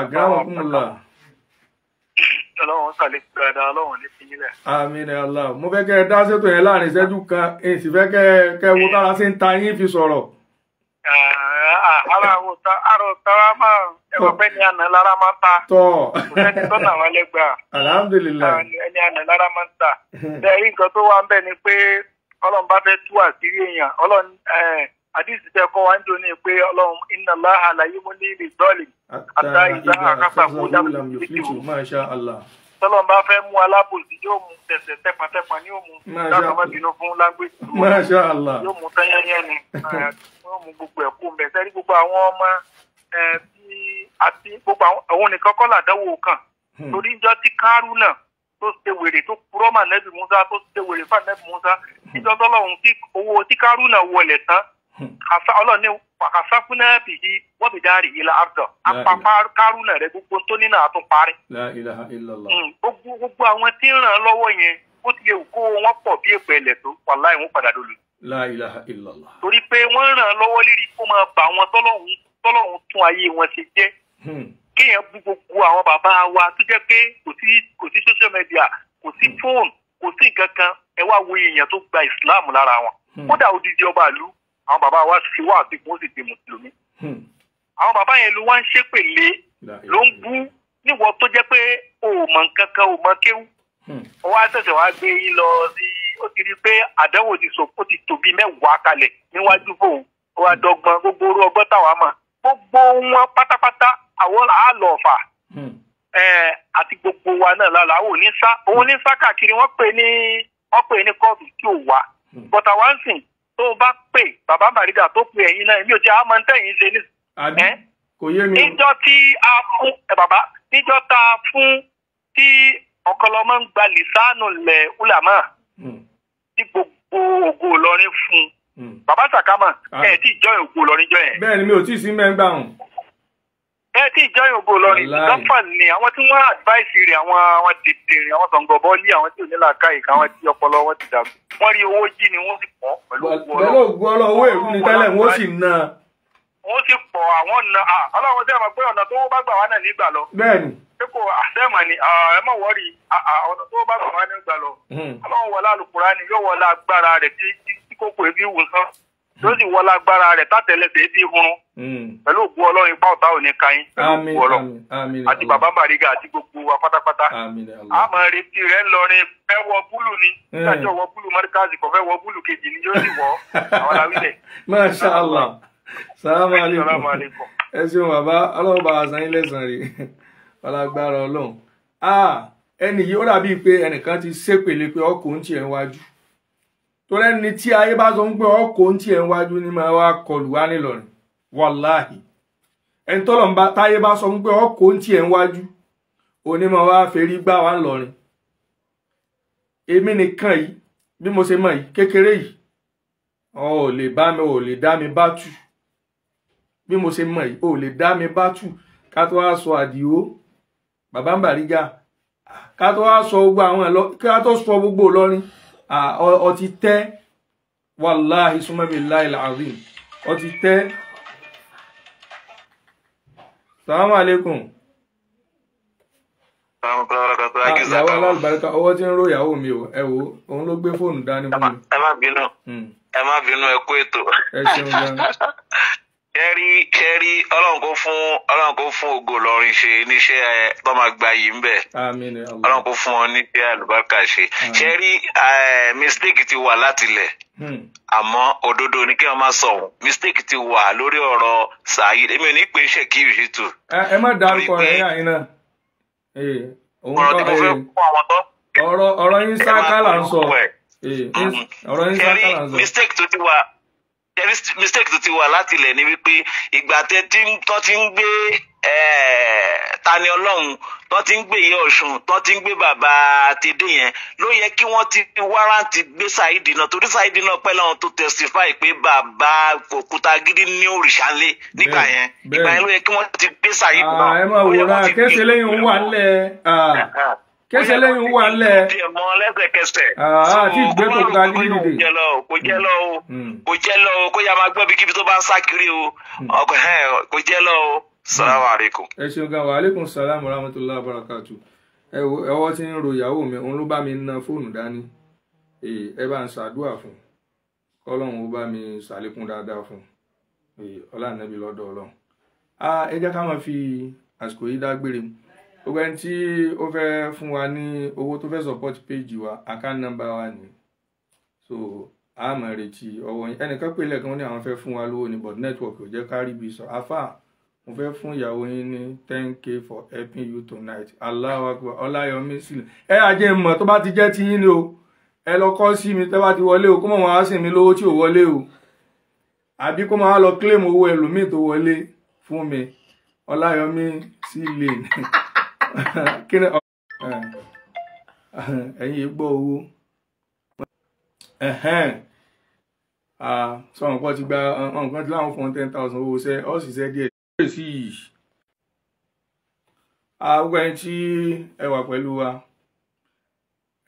àgbàwọ̀n kún la. ọlọ́run sàlẹ̀ gbàdá ọlọ́run ní fìyílẹ̀. àmín Allah mo fẹ́ kẹ́ ẹ dá ṣètò yẹn láàrin ìṣẹ́jú kan èyí sì fẹ́ kẹ́ ẹ kẹ́ wo tára sí ń ta yín fi sọ̀rọ̀. ara wo ta ara ta máa. ọ̀pẹ́ ni lára ọlọ́run bá fẹ́ mú alábòsí yóò mú tẹ̀sẹ̀ ni yóò mú bá bínú fún lágbèsè yóò mú tẹ́yẹ́yẹ́ ni gbogbo ẹ̀kú gbogbo àwọn ọmọ àti gbogbo àwọn nìkan kọ́ làdánwò kan hmm. torí ìjọ tí kárúnà tó ṣe wèrè tó purọ́ mà nẹ́bí musa tó ṣe wèrè fà hmm. nẹ́bí musa ìjọ tọ́lọ́run tí owó tí kárúnà wọlé tán hmm. ọlọ́run ní kàfá fún náà bì í wọ́n bì dárì ilà àrùtọ̀ apapa kárúnà rẹ gbogbo tó nínú àtún parí. gbogbo àwọn tí ń ràn án lọ́wọ́ yẹn bó ti lè kó wọn pọ̀ bí èpè ẹ̀lẹ̀ tó wàláì wọn padà dolu. torí pé wọ́n ràn lọ́wọ́ lérí kó máa bà wọn tọ́lọ́run tún ayé wọn ṣe jẹ́ Hmm. kéèyàn bú gbogbo àwọn bàbá wa tó jẹ́ pé kò sí kò sí social media kò sí hmm. phone, kò sí nǹkan kan ẹ wá wo èèyàn tó gba islam lára wọn hmm. kódà odidi ọba ìlú àwọn bàbá wa ṣe wá àti kò sì di mùsùlùmí àwọn bàbá yẹn ló wá ń ṣépèlé ló ń bú níwọ tó jẹ́ pé o ò mọ nǹkan kan o mọ kéwú ọwọ́ àtẹ̀sẹ̀ wá gbé yín lọ sí ó ti rí i pé àdánwò ti sọ ó ti tóbi mẹ́wàá kalẹ̀ níwájú fóun ó wá dọ́gbọ́n gbogbo orú ọgbọ́n táwa mọ̀ gbogbo wọn pátápátá àwọn á lọ ọ̀fà hmm. àti gbogbo wa náà lára àwọn òní sá òun ní sá káàkiri wọ́n pè ní wọ́n pè ní kóòtù tí ò wá hmm. bọ́tà wá ń sìn tó o bá pè bàbá Bàrígà tó pè ẹ̀yin náà èmi ò tí a máa ṣe ní. kò yé mi o níjọ́ tí a fún ẹ bàbá níjọ́ tá a fún tí ọ̀kọlọmọ ń gba lìsánù lẹ̀ ulàmà hmm. tí gbogbo ògo Ìlọrin fún bàbá Sàkámà ẹ̀ tí ìjọ ògo Ìlọrin jọ yẹn. bẹ́ẹ̀ mi ò tí sí mẹ́ngbà hàn ẹ tí ìjọ yòóbó lọrin lọ́fà ni àwọn tí wọ́n advice rẹ̀ àwọn àwọn dèdèrè àwọn sọ̀ǹgọ̀bọ ní àwọn tí ò ní làákàyè kan àwọn tí ọpọlọ wọn ti dàgbù wọ́n rí owó jí ni wọ́n sì pọ̀ pẹ̀lú ògùn ọlọ́ owó èrú ni tẹ́lẹ̀ wọ́n sì ná. wọ́n sì pọ̀ àwọn na ọlọ́run sí àmọ́ pé ọ̀nà tó bá gbà wá náà nígbà lọ. bẹ́ẹ̀ni. pé àṣẹ́mọ̀ ni ẹ tó sì wọ lágbára rẹ̀ tátẹlẹsẹ̀ ti hun hmm. pẹ̀lú òkú ọlọ́run ipá ọ̀tá ò àti bàbá bàríga àti gbogbo wa pátápátá a retí rẹ̀ ńlọrin wọ búlù ni hmm. wọ búlù mọ́ríkàsì kò wọ búlù kejì ni yóò sì wọ àwọn masha allah salamu alaykum ẹ ṣeun bàbá bá a ah, ẹnì yìí ó dàbí pé ẹnìkan ti torí ẹni tí ayé bá sọ ń pé ọkọ̀ ń tiẹ̀ ń wájú ni máa wá kọlù wá nílọrin wàláhì ẹni tọ́lọ̀ ń bá táyé bá sọ ń pé ọkọ̀ ń tiẹ̀ ń wájú òní máa wá fèrí gbá wá ńlọrin èmi nìkan yìí bí mo ṣe mọ̀ yìí kékeré yìí ò lè bá mi ò lè dá mi bá tù bí mo ṣe mọ̀ yìí ò lè dá mi bá tù ká tó wá sọ àdìó bàbá ń bàrígà ká tó wá sọ gbogbo àwọn ká tó sọ gbogbo Ìlọrin ọtí tẹ́ wàláhì súnmọ́bí láìláàrín ọtí tẹ́ salamu alaikum ìyàwó alábàríkà ọwọ́ tí ń ìyàwó mi o ẹ wo òun ló gbé fóònù dání fún mi. ẹ má hmm. bínú ẹ ètò. ṣẹ́rí ṣẹ́rí ọlọ́run kó fún ọlọ́run kó fún ògo lọ́rin ṣe níṣẹ́ tó máa gba yìí ń bẹ̀ ọlọ́run fún ọ níṣẹ́ àlùbáríkà ṣe ṣẹ́rí mistake ti wà látilẹ̀ hmm. àmọ́ òdodo ni kí wọ́n máa sọ òun mistake ti wà lórí ọ̀rọ̀ Saheed èmi ò ní pè ṣe kí ìṣe tù. ẹ má dárúkọ rẹ yà yín náà. ọ̀rọ̀ tí mo fẹ́ fún àwọn tó. Ọrọ ọ̀rọ̀ yín ń sọ. ọ̀rọ̀ yín ń sọ. mistake mistake tó ti wà láti ilẹ̀ ni wípé ìgbà tó ti ń gbé Tani Olohun tó ti ń gbé ìyá Ọ̀ṣun tó ti ń gbé bàbá tèdè yẹn ló yẹ kí wọ́n ti wárántì gbé Saheed náà torí Saheed náà pẹ́ lọ́wọ́ tó testify pé bàbá Òkútagidi ní òrìṣà nígbà yẹn ìgbà yẹn ló yẹ kí wọ́n ti gbé Saheed ah, náà. ẹ máa wòran kẹsẹ lẹ́yìn òun wà ńlẹ̀. kéṣe lẹ́yìn wà lẹ̀. mọ lẹ́sẹ̀kẹsẹ̀. àti ìgbẹ́kọ̀ ká ní ìdè. kò jẹ́ lọ o kò jẹ́ lọ o hmm. kò jẹ́ lọ o kó yà máa gbẹ́bi kíbi tó bá ń sá kiri o hmm. ọkọ ẹ̀ kò jẹ́ lọ o. salamu hmm. aleykum. ẹ ṣeun gan wa aleykum salaam wa rahmatulah barakatu ẹ wo ẹwọ tí ń ro ìyàwó mi òun ló bá mi na fóònù dání ẹ bá ń ṣàdúrà fún kọlọ́run ó bá mi ṣàlékún dáadáa fún ọlá nàbí lọ́dọ̀ ọlọ́run ah, ẹ jẹ́ ká máa fi àsìkò yìí dágbére mu gbogbo ẹni tí ó fẹ́ fún wa ní owó tó fẹ́ support page wa account number wa ni so a máa retí ọwọ́ yín ẹnìkan pè lẹ́ẹ̀kan ní àwọn fẹ́ fún wa lówó ni but network ò jẹ́ ká bí sọ afa mo fẹ́ fún ìyàwó yín ní ten k for helping you tonight Allahu Akbar ọláyọmí sílẹ̀ ẹ àjẹ mọ̀ tó bá ti jẹ́ ti yín ni o ẹ lọ kọ́ sí mi tẹ́ bá ti wọlé o kó mọ̀ wọn á sìn mí lówó tí ò wọlé o àbí kó máa lọ claim owó ẹlòmíì tó wọlé fún mi ọláyọmí sílẹ̀ Kini ni eh, ẹ̀yin gbọ́ owó sọ nǹkan ti gba nǹkan ti láwọn fún ten thousand owó ṣe ọ́ sì ṣe díẹ̀ díẹ̀ sí i àwọn ẹni tí ẹ wà pẹ̀lú wa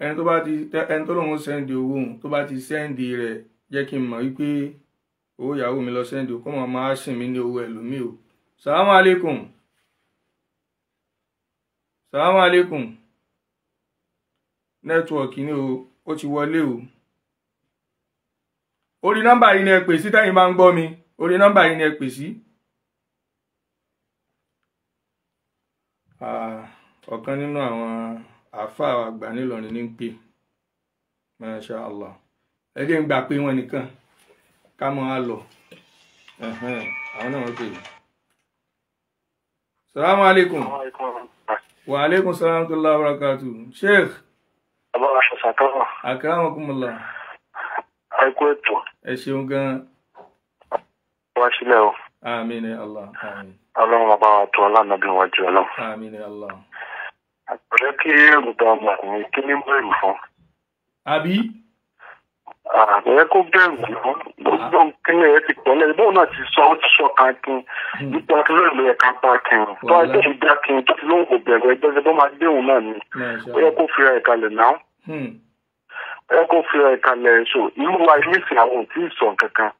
ẹni tó bá ti ẹni tó lóun sẹ́ndì owó tó bá ti sẹ́ndì rẹ̀ jẹ́ kí n mọ̀ wípé owó ìyàwó mi lọ sẹ́ndì kó mọ̀ máa ṣìn mí ní owó ẹlòmíì o salamu alaikum salamu alaikum nẹ́tíwọ̀kì ni o ó ti wọlé o orí nọ́mbà yìí ni ẹ pè sí tẹ́yìn máa ń gbọ́ mi orí nọ́mbà yìí ni ẹ pè sí. ọ̀kan nínú àwọn àáfàá àgbà nílọrin ní ń pè masha allah ẹ jẹ́ ń gbà pé wọ́n nìkan ká mọ́ a lọ àwọn náà wọ́n pè é. salamu alaikum wa alaikum salam wa barakatu sheikh aba wa shasakawa akramakumullah ai ko to ẹ ṣeun gan wa sile o amin ya allah amin ọlọ́run ọba wa tó ọlá nàbí wọn jù ọlọ́run amin ya allah àpẹẹrẹ kí èrò dá ọmọkùnrin kí ní mọ èrò fún. àbí ààrẹ kó bẹ̀rù lọ ah. gbogbo kíni ẹ ti pọ̀ lẹ́yìn bóun náà ti sọ ó ti sọ kankin hmm. nípa kí lóò lóye ká pa kin tó ẹgbẹ́ yìí dá kin tó ti lóun kò bẹ̀rù ẹgbẹ́ ṣe bó máa dé òun náà ni ó yẹ kó fira ẹ̀ kalẹ̀ náà hmm. ó yẹ kó fira ẹ̀ kalẹ̀ ṣò ìlú wa ilé ìsìn àwọn ò tí ì kankan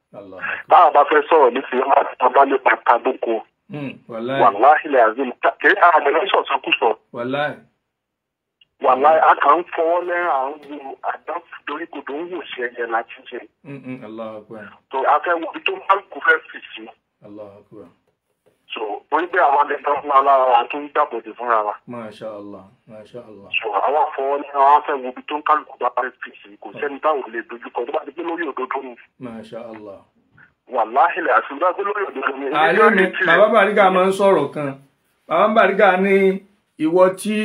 báwa bá fẹ́ sọ̀rọ̀ ní sinimá tí wọ́n bá lè pa taboko hmm. wàláhìlẹ̀ àzìm kí wàhálà a kàn ń fọwọ́ lẹ́rìn à ń wo àdán doríkodò ń wò sí ẹyẹ la ti jẹ. tó a fẹ́ wo ibi tó máa ń kú fẹ́ fi sí. so wọ́n gbé àwọn adẹ́tọ́ fún wa lára wa tó ń dàbòdì fúnra wa. Masha Allah, Masha Allah. so àwọn afọwọ́ lẹ́rìn àwọn afẹ́ wo ibi tó ń kálukú bá fẹ́ fi sí kò sẹ́ni táwọn ò lè dojú kọ tó bá gbé lórí òdodo ni. Masha Allah. wàláhì lè àti bá gbé lórí òdodo ni. àlẹ́ mi bàbá Bàrígà máa ń sọ̀rọ̀ kan bàbá Bàrígà ní ìwọ tí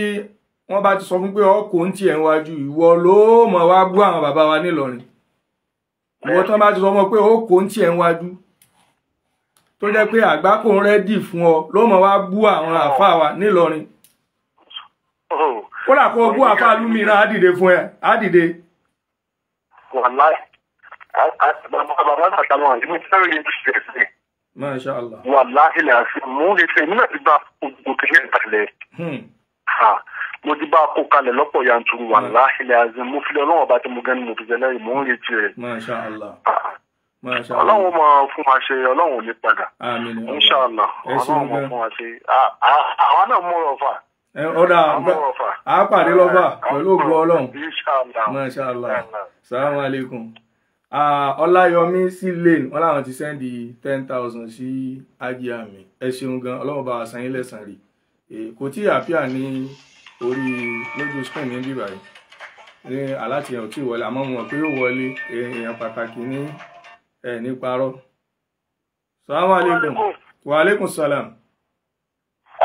wọ́n bá ti sọ fún pé ọkọ̀ ń tiẹ̀ wájú ìwọ ló mọ̀ wá bú àwọn bàbá wa nílọrin ìwọ tán bá ti sọ mọ́ pé ọkọ̀ ń tiẹ̀ wájú tó jẹ́ pé àgbákò ń rẹ́dì fún ọ ló mọ̀ wá bú àwọn àfa wa nílọrin kódà kó bú àfa lúmíràn á dìde fún ẹ á dìde. bàbá náà ṣàlùwọ̀n àti mi sẹ́rẹ̀ yìí ti ṣe sí. Masha Allah. wàláhìlẹ̀ àti mú lè fẹ́ mi náà ti gba ògùn kìíní ìtàlẹ̀. Hmm mo ti bá a kó kalẹ̀ lọ́pọ̀ yanturu wà láhìlẹ̀ azim mo filẹ̀ ọlọ́wọ́n bá ti mo gẹ́ni mo fi jẹ́lẹ́ yìí mò ń retí rẹ̀. ọlọ́wọ́n máa fún wa ṣe ọlọ́wọ́n ò ní padà inṣàlá ọlọ́wọ́n máa fún wa ṣe àwọn náà mú ọ̀fà. ọ̀dà àápàdé lọ́fà pẹ̀lú ògùn ọlọ́run inṣàlá salamu aleykum ọláyọmí sí lane wọn làwọn ti sẹ́ndì ten thousand sí ájíà mi ẹ ṣeun gan ọlọ́run bá wa san yín lẹ́sàn rí kò tí àfíà ní orí lójú spain ní bíbá yìí ní alátìyàn tí wọlé àmọ́ mo mọ̀ pé yóò wọlé èèyàn pàtàkì ní ẹ̀ ní parọ́. salamu aleykum wa aleykum salam.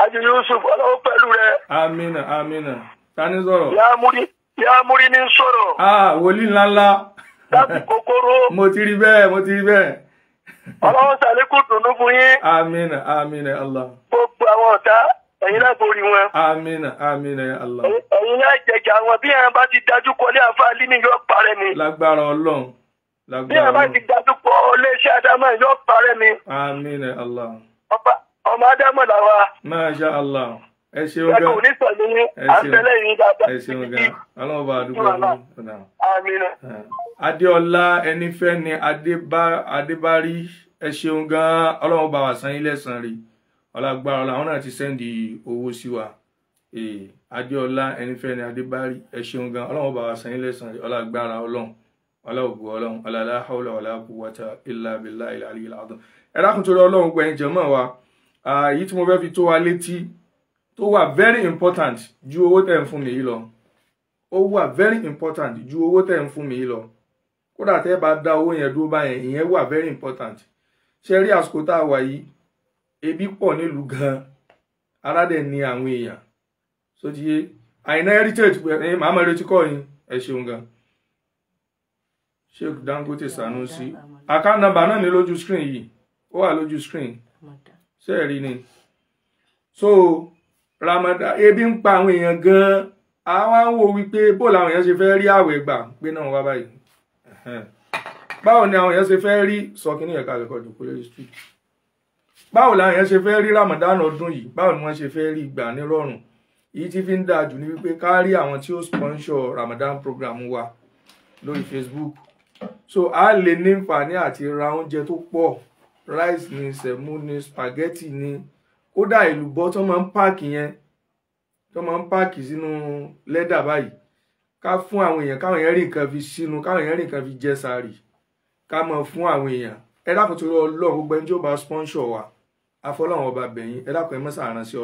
àjò yusuf ọlọ́wọ́ pẹ̀lú rẹ. amina amina tani sọ̀rọ̀. yá múri ní sọ̀rọ̀. ah wòlíì ńláńlá. láti kókóró. mo ti rí bẹ́ẹ̀ mo ti rí bẹ́ẹ̀. ọlọ́wọ́ sàlékún dùnú fún yín. amina amina allah. gbogbo àwọn ọ̀tá ẹ̀yin láti borí wọn. amina amina allah. ẹ̀yin náà jẹ̀jà wọn bí ẹran bá ti dájú kọ ní àfa alimi yóò parẹ́ mi. lágbára ọlọ́run bí ẹran bá ti dájú kọ iléeṣẹ́ adama yóò parẹ́ mi. amina allah. ọmọ adamu la wa. masha allah ẹ ṣeun gan. ẹkùn nísọ̀lú ni àfẹ́lẹ́ yìí dáadáa. ẹ ṣeun gan ọlọ́run bá àdúgbò ọdún. amina. adéọlá ẹnifẹ́ ni adébárí ẹ ṣeun gan ọlọ́run bá wà sàn ilé sàn rí ọlágbára ọlá àwọn náà ti sẹ́ndì owó sí wa adéọlá ẹnifẹ́ni adébárí ẹ ṣeun gan ọlọ́run bá wa san yín lẹ́san ọlágbára ọlọ́run ọláògbó ọlọ́run ọlálá haúlá ọlá quwwata illa billahi ìlàlí ìlàdọ ẹ dákun torí ọlọ́run gbẹ̀yìn jẹ̀mọ́ wa èyí tí mo fẹ́ fi tó wa létí tó wà very important ju owó tẹ̀ ń fún mi yìí lọ ó wà very important ju owó tẹ̀ ń fún mi yìí lọ kódà tẹ́ bá dá owó yẹn dúró báyẹn ìyẹn wà very important ṣe rí àsìkò tá a wà yìí ebi pọ̀ nílùú gan-an ara dẹ̀ ni àwọn èèyàn sótìyé àìná heritage ẹ̀yin màmá retí kọ́ yín ẹ ṣeun gan Sheikh Dangote Sanusi account number náà ní lójú screen yìí ó wà lójú screen ṣe é rí ni so Ramadan ebi ń pa àwọn èèyàn gan-an àwa ń wo wípé bó làwọn èèyàn ṣe fẹ́ rí àwẹ̀ gbà pé náà wá báyìí báwo ni àwọn èèyàn ṣe fẹ́ rí sọ kí ní ẹ̀ka àlẹ́kọ̀ọ́ ìdókòlè street báwo làwọn yẹn ṣe fẹ́ rí ramadan ọdún yìí báwo ni wọ́n ṣe fẹ́ rí ìgbà nírọ̀rùn èyí tí fi ń dáa jù ni wípé ká rí àwọn tí ó sponsor ramadan program wa lórí facebook so a lè ní nfààní àti ra oúnjẹ tó pọ̀ rice ni sẹ̀mú ni spaghetti ni kódà èlùbọ́ tó máa ń páàkì yẹn tó máa ń páàkì sínú lẹ́dà báyìí ká fún àwọn èèyàn káwọn èèyàn rí nǹkan fi sínú káwọn èèyàn rí nǹkan fi jẹ sàárì ká máa fún àwọn èèyàn ẹ dákun tó lọ gbogbo ẹni tí ó bá sponsor wa afọlọ́run ọba bẹ̀yìn ẹ dákun ẹ mọ́sàárán sí ọ.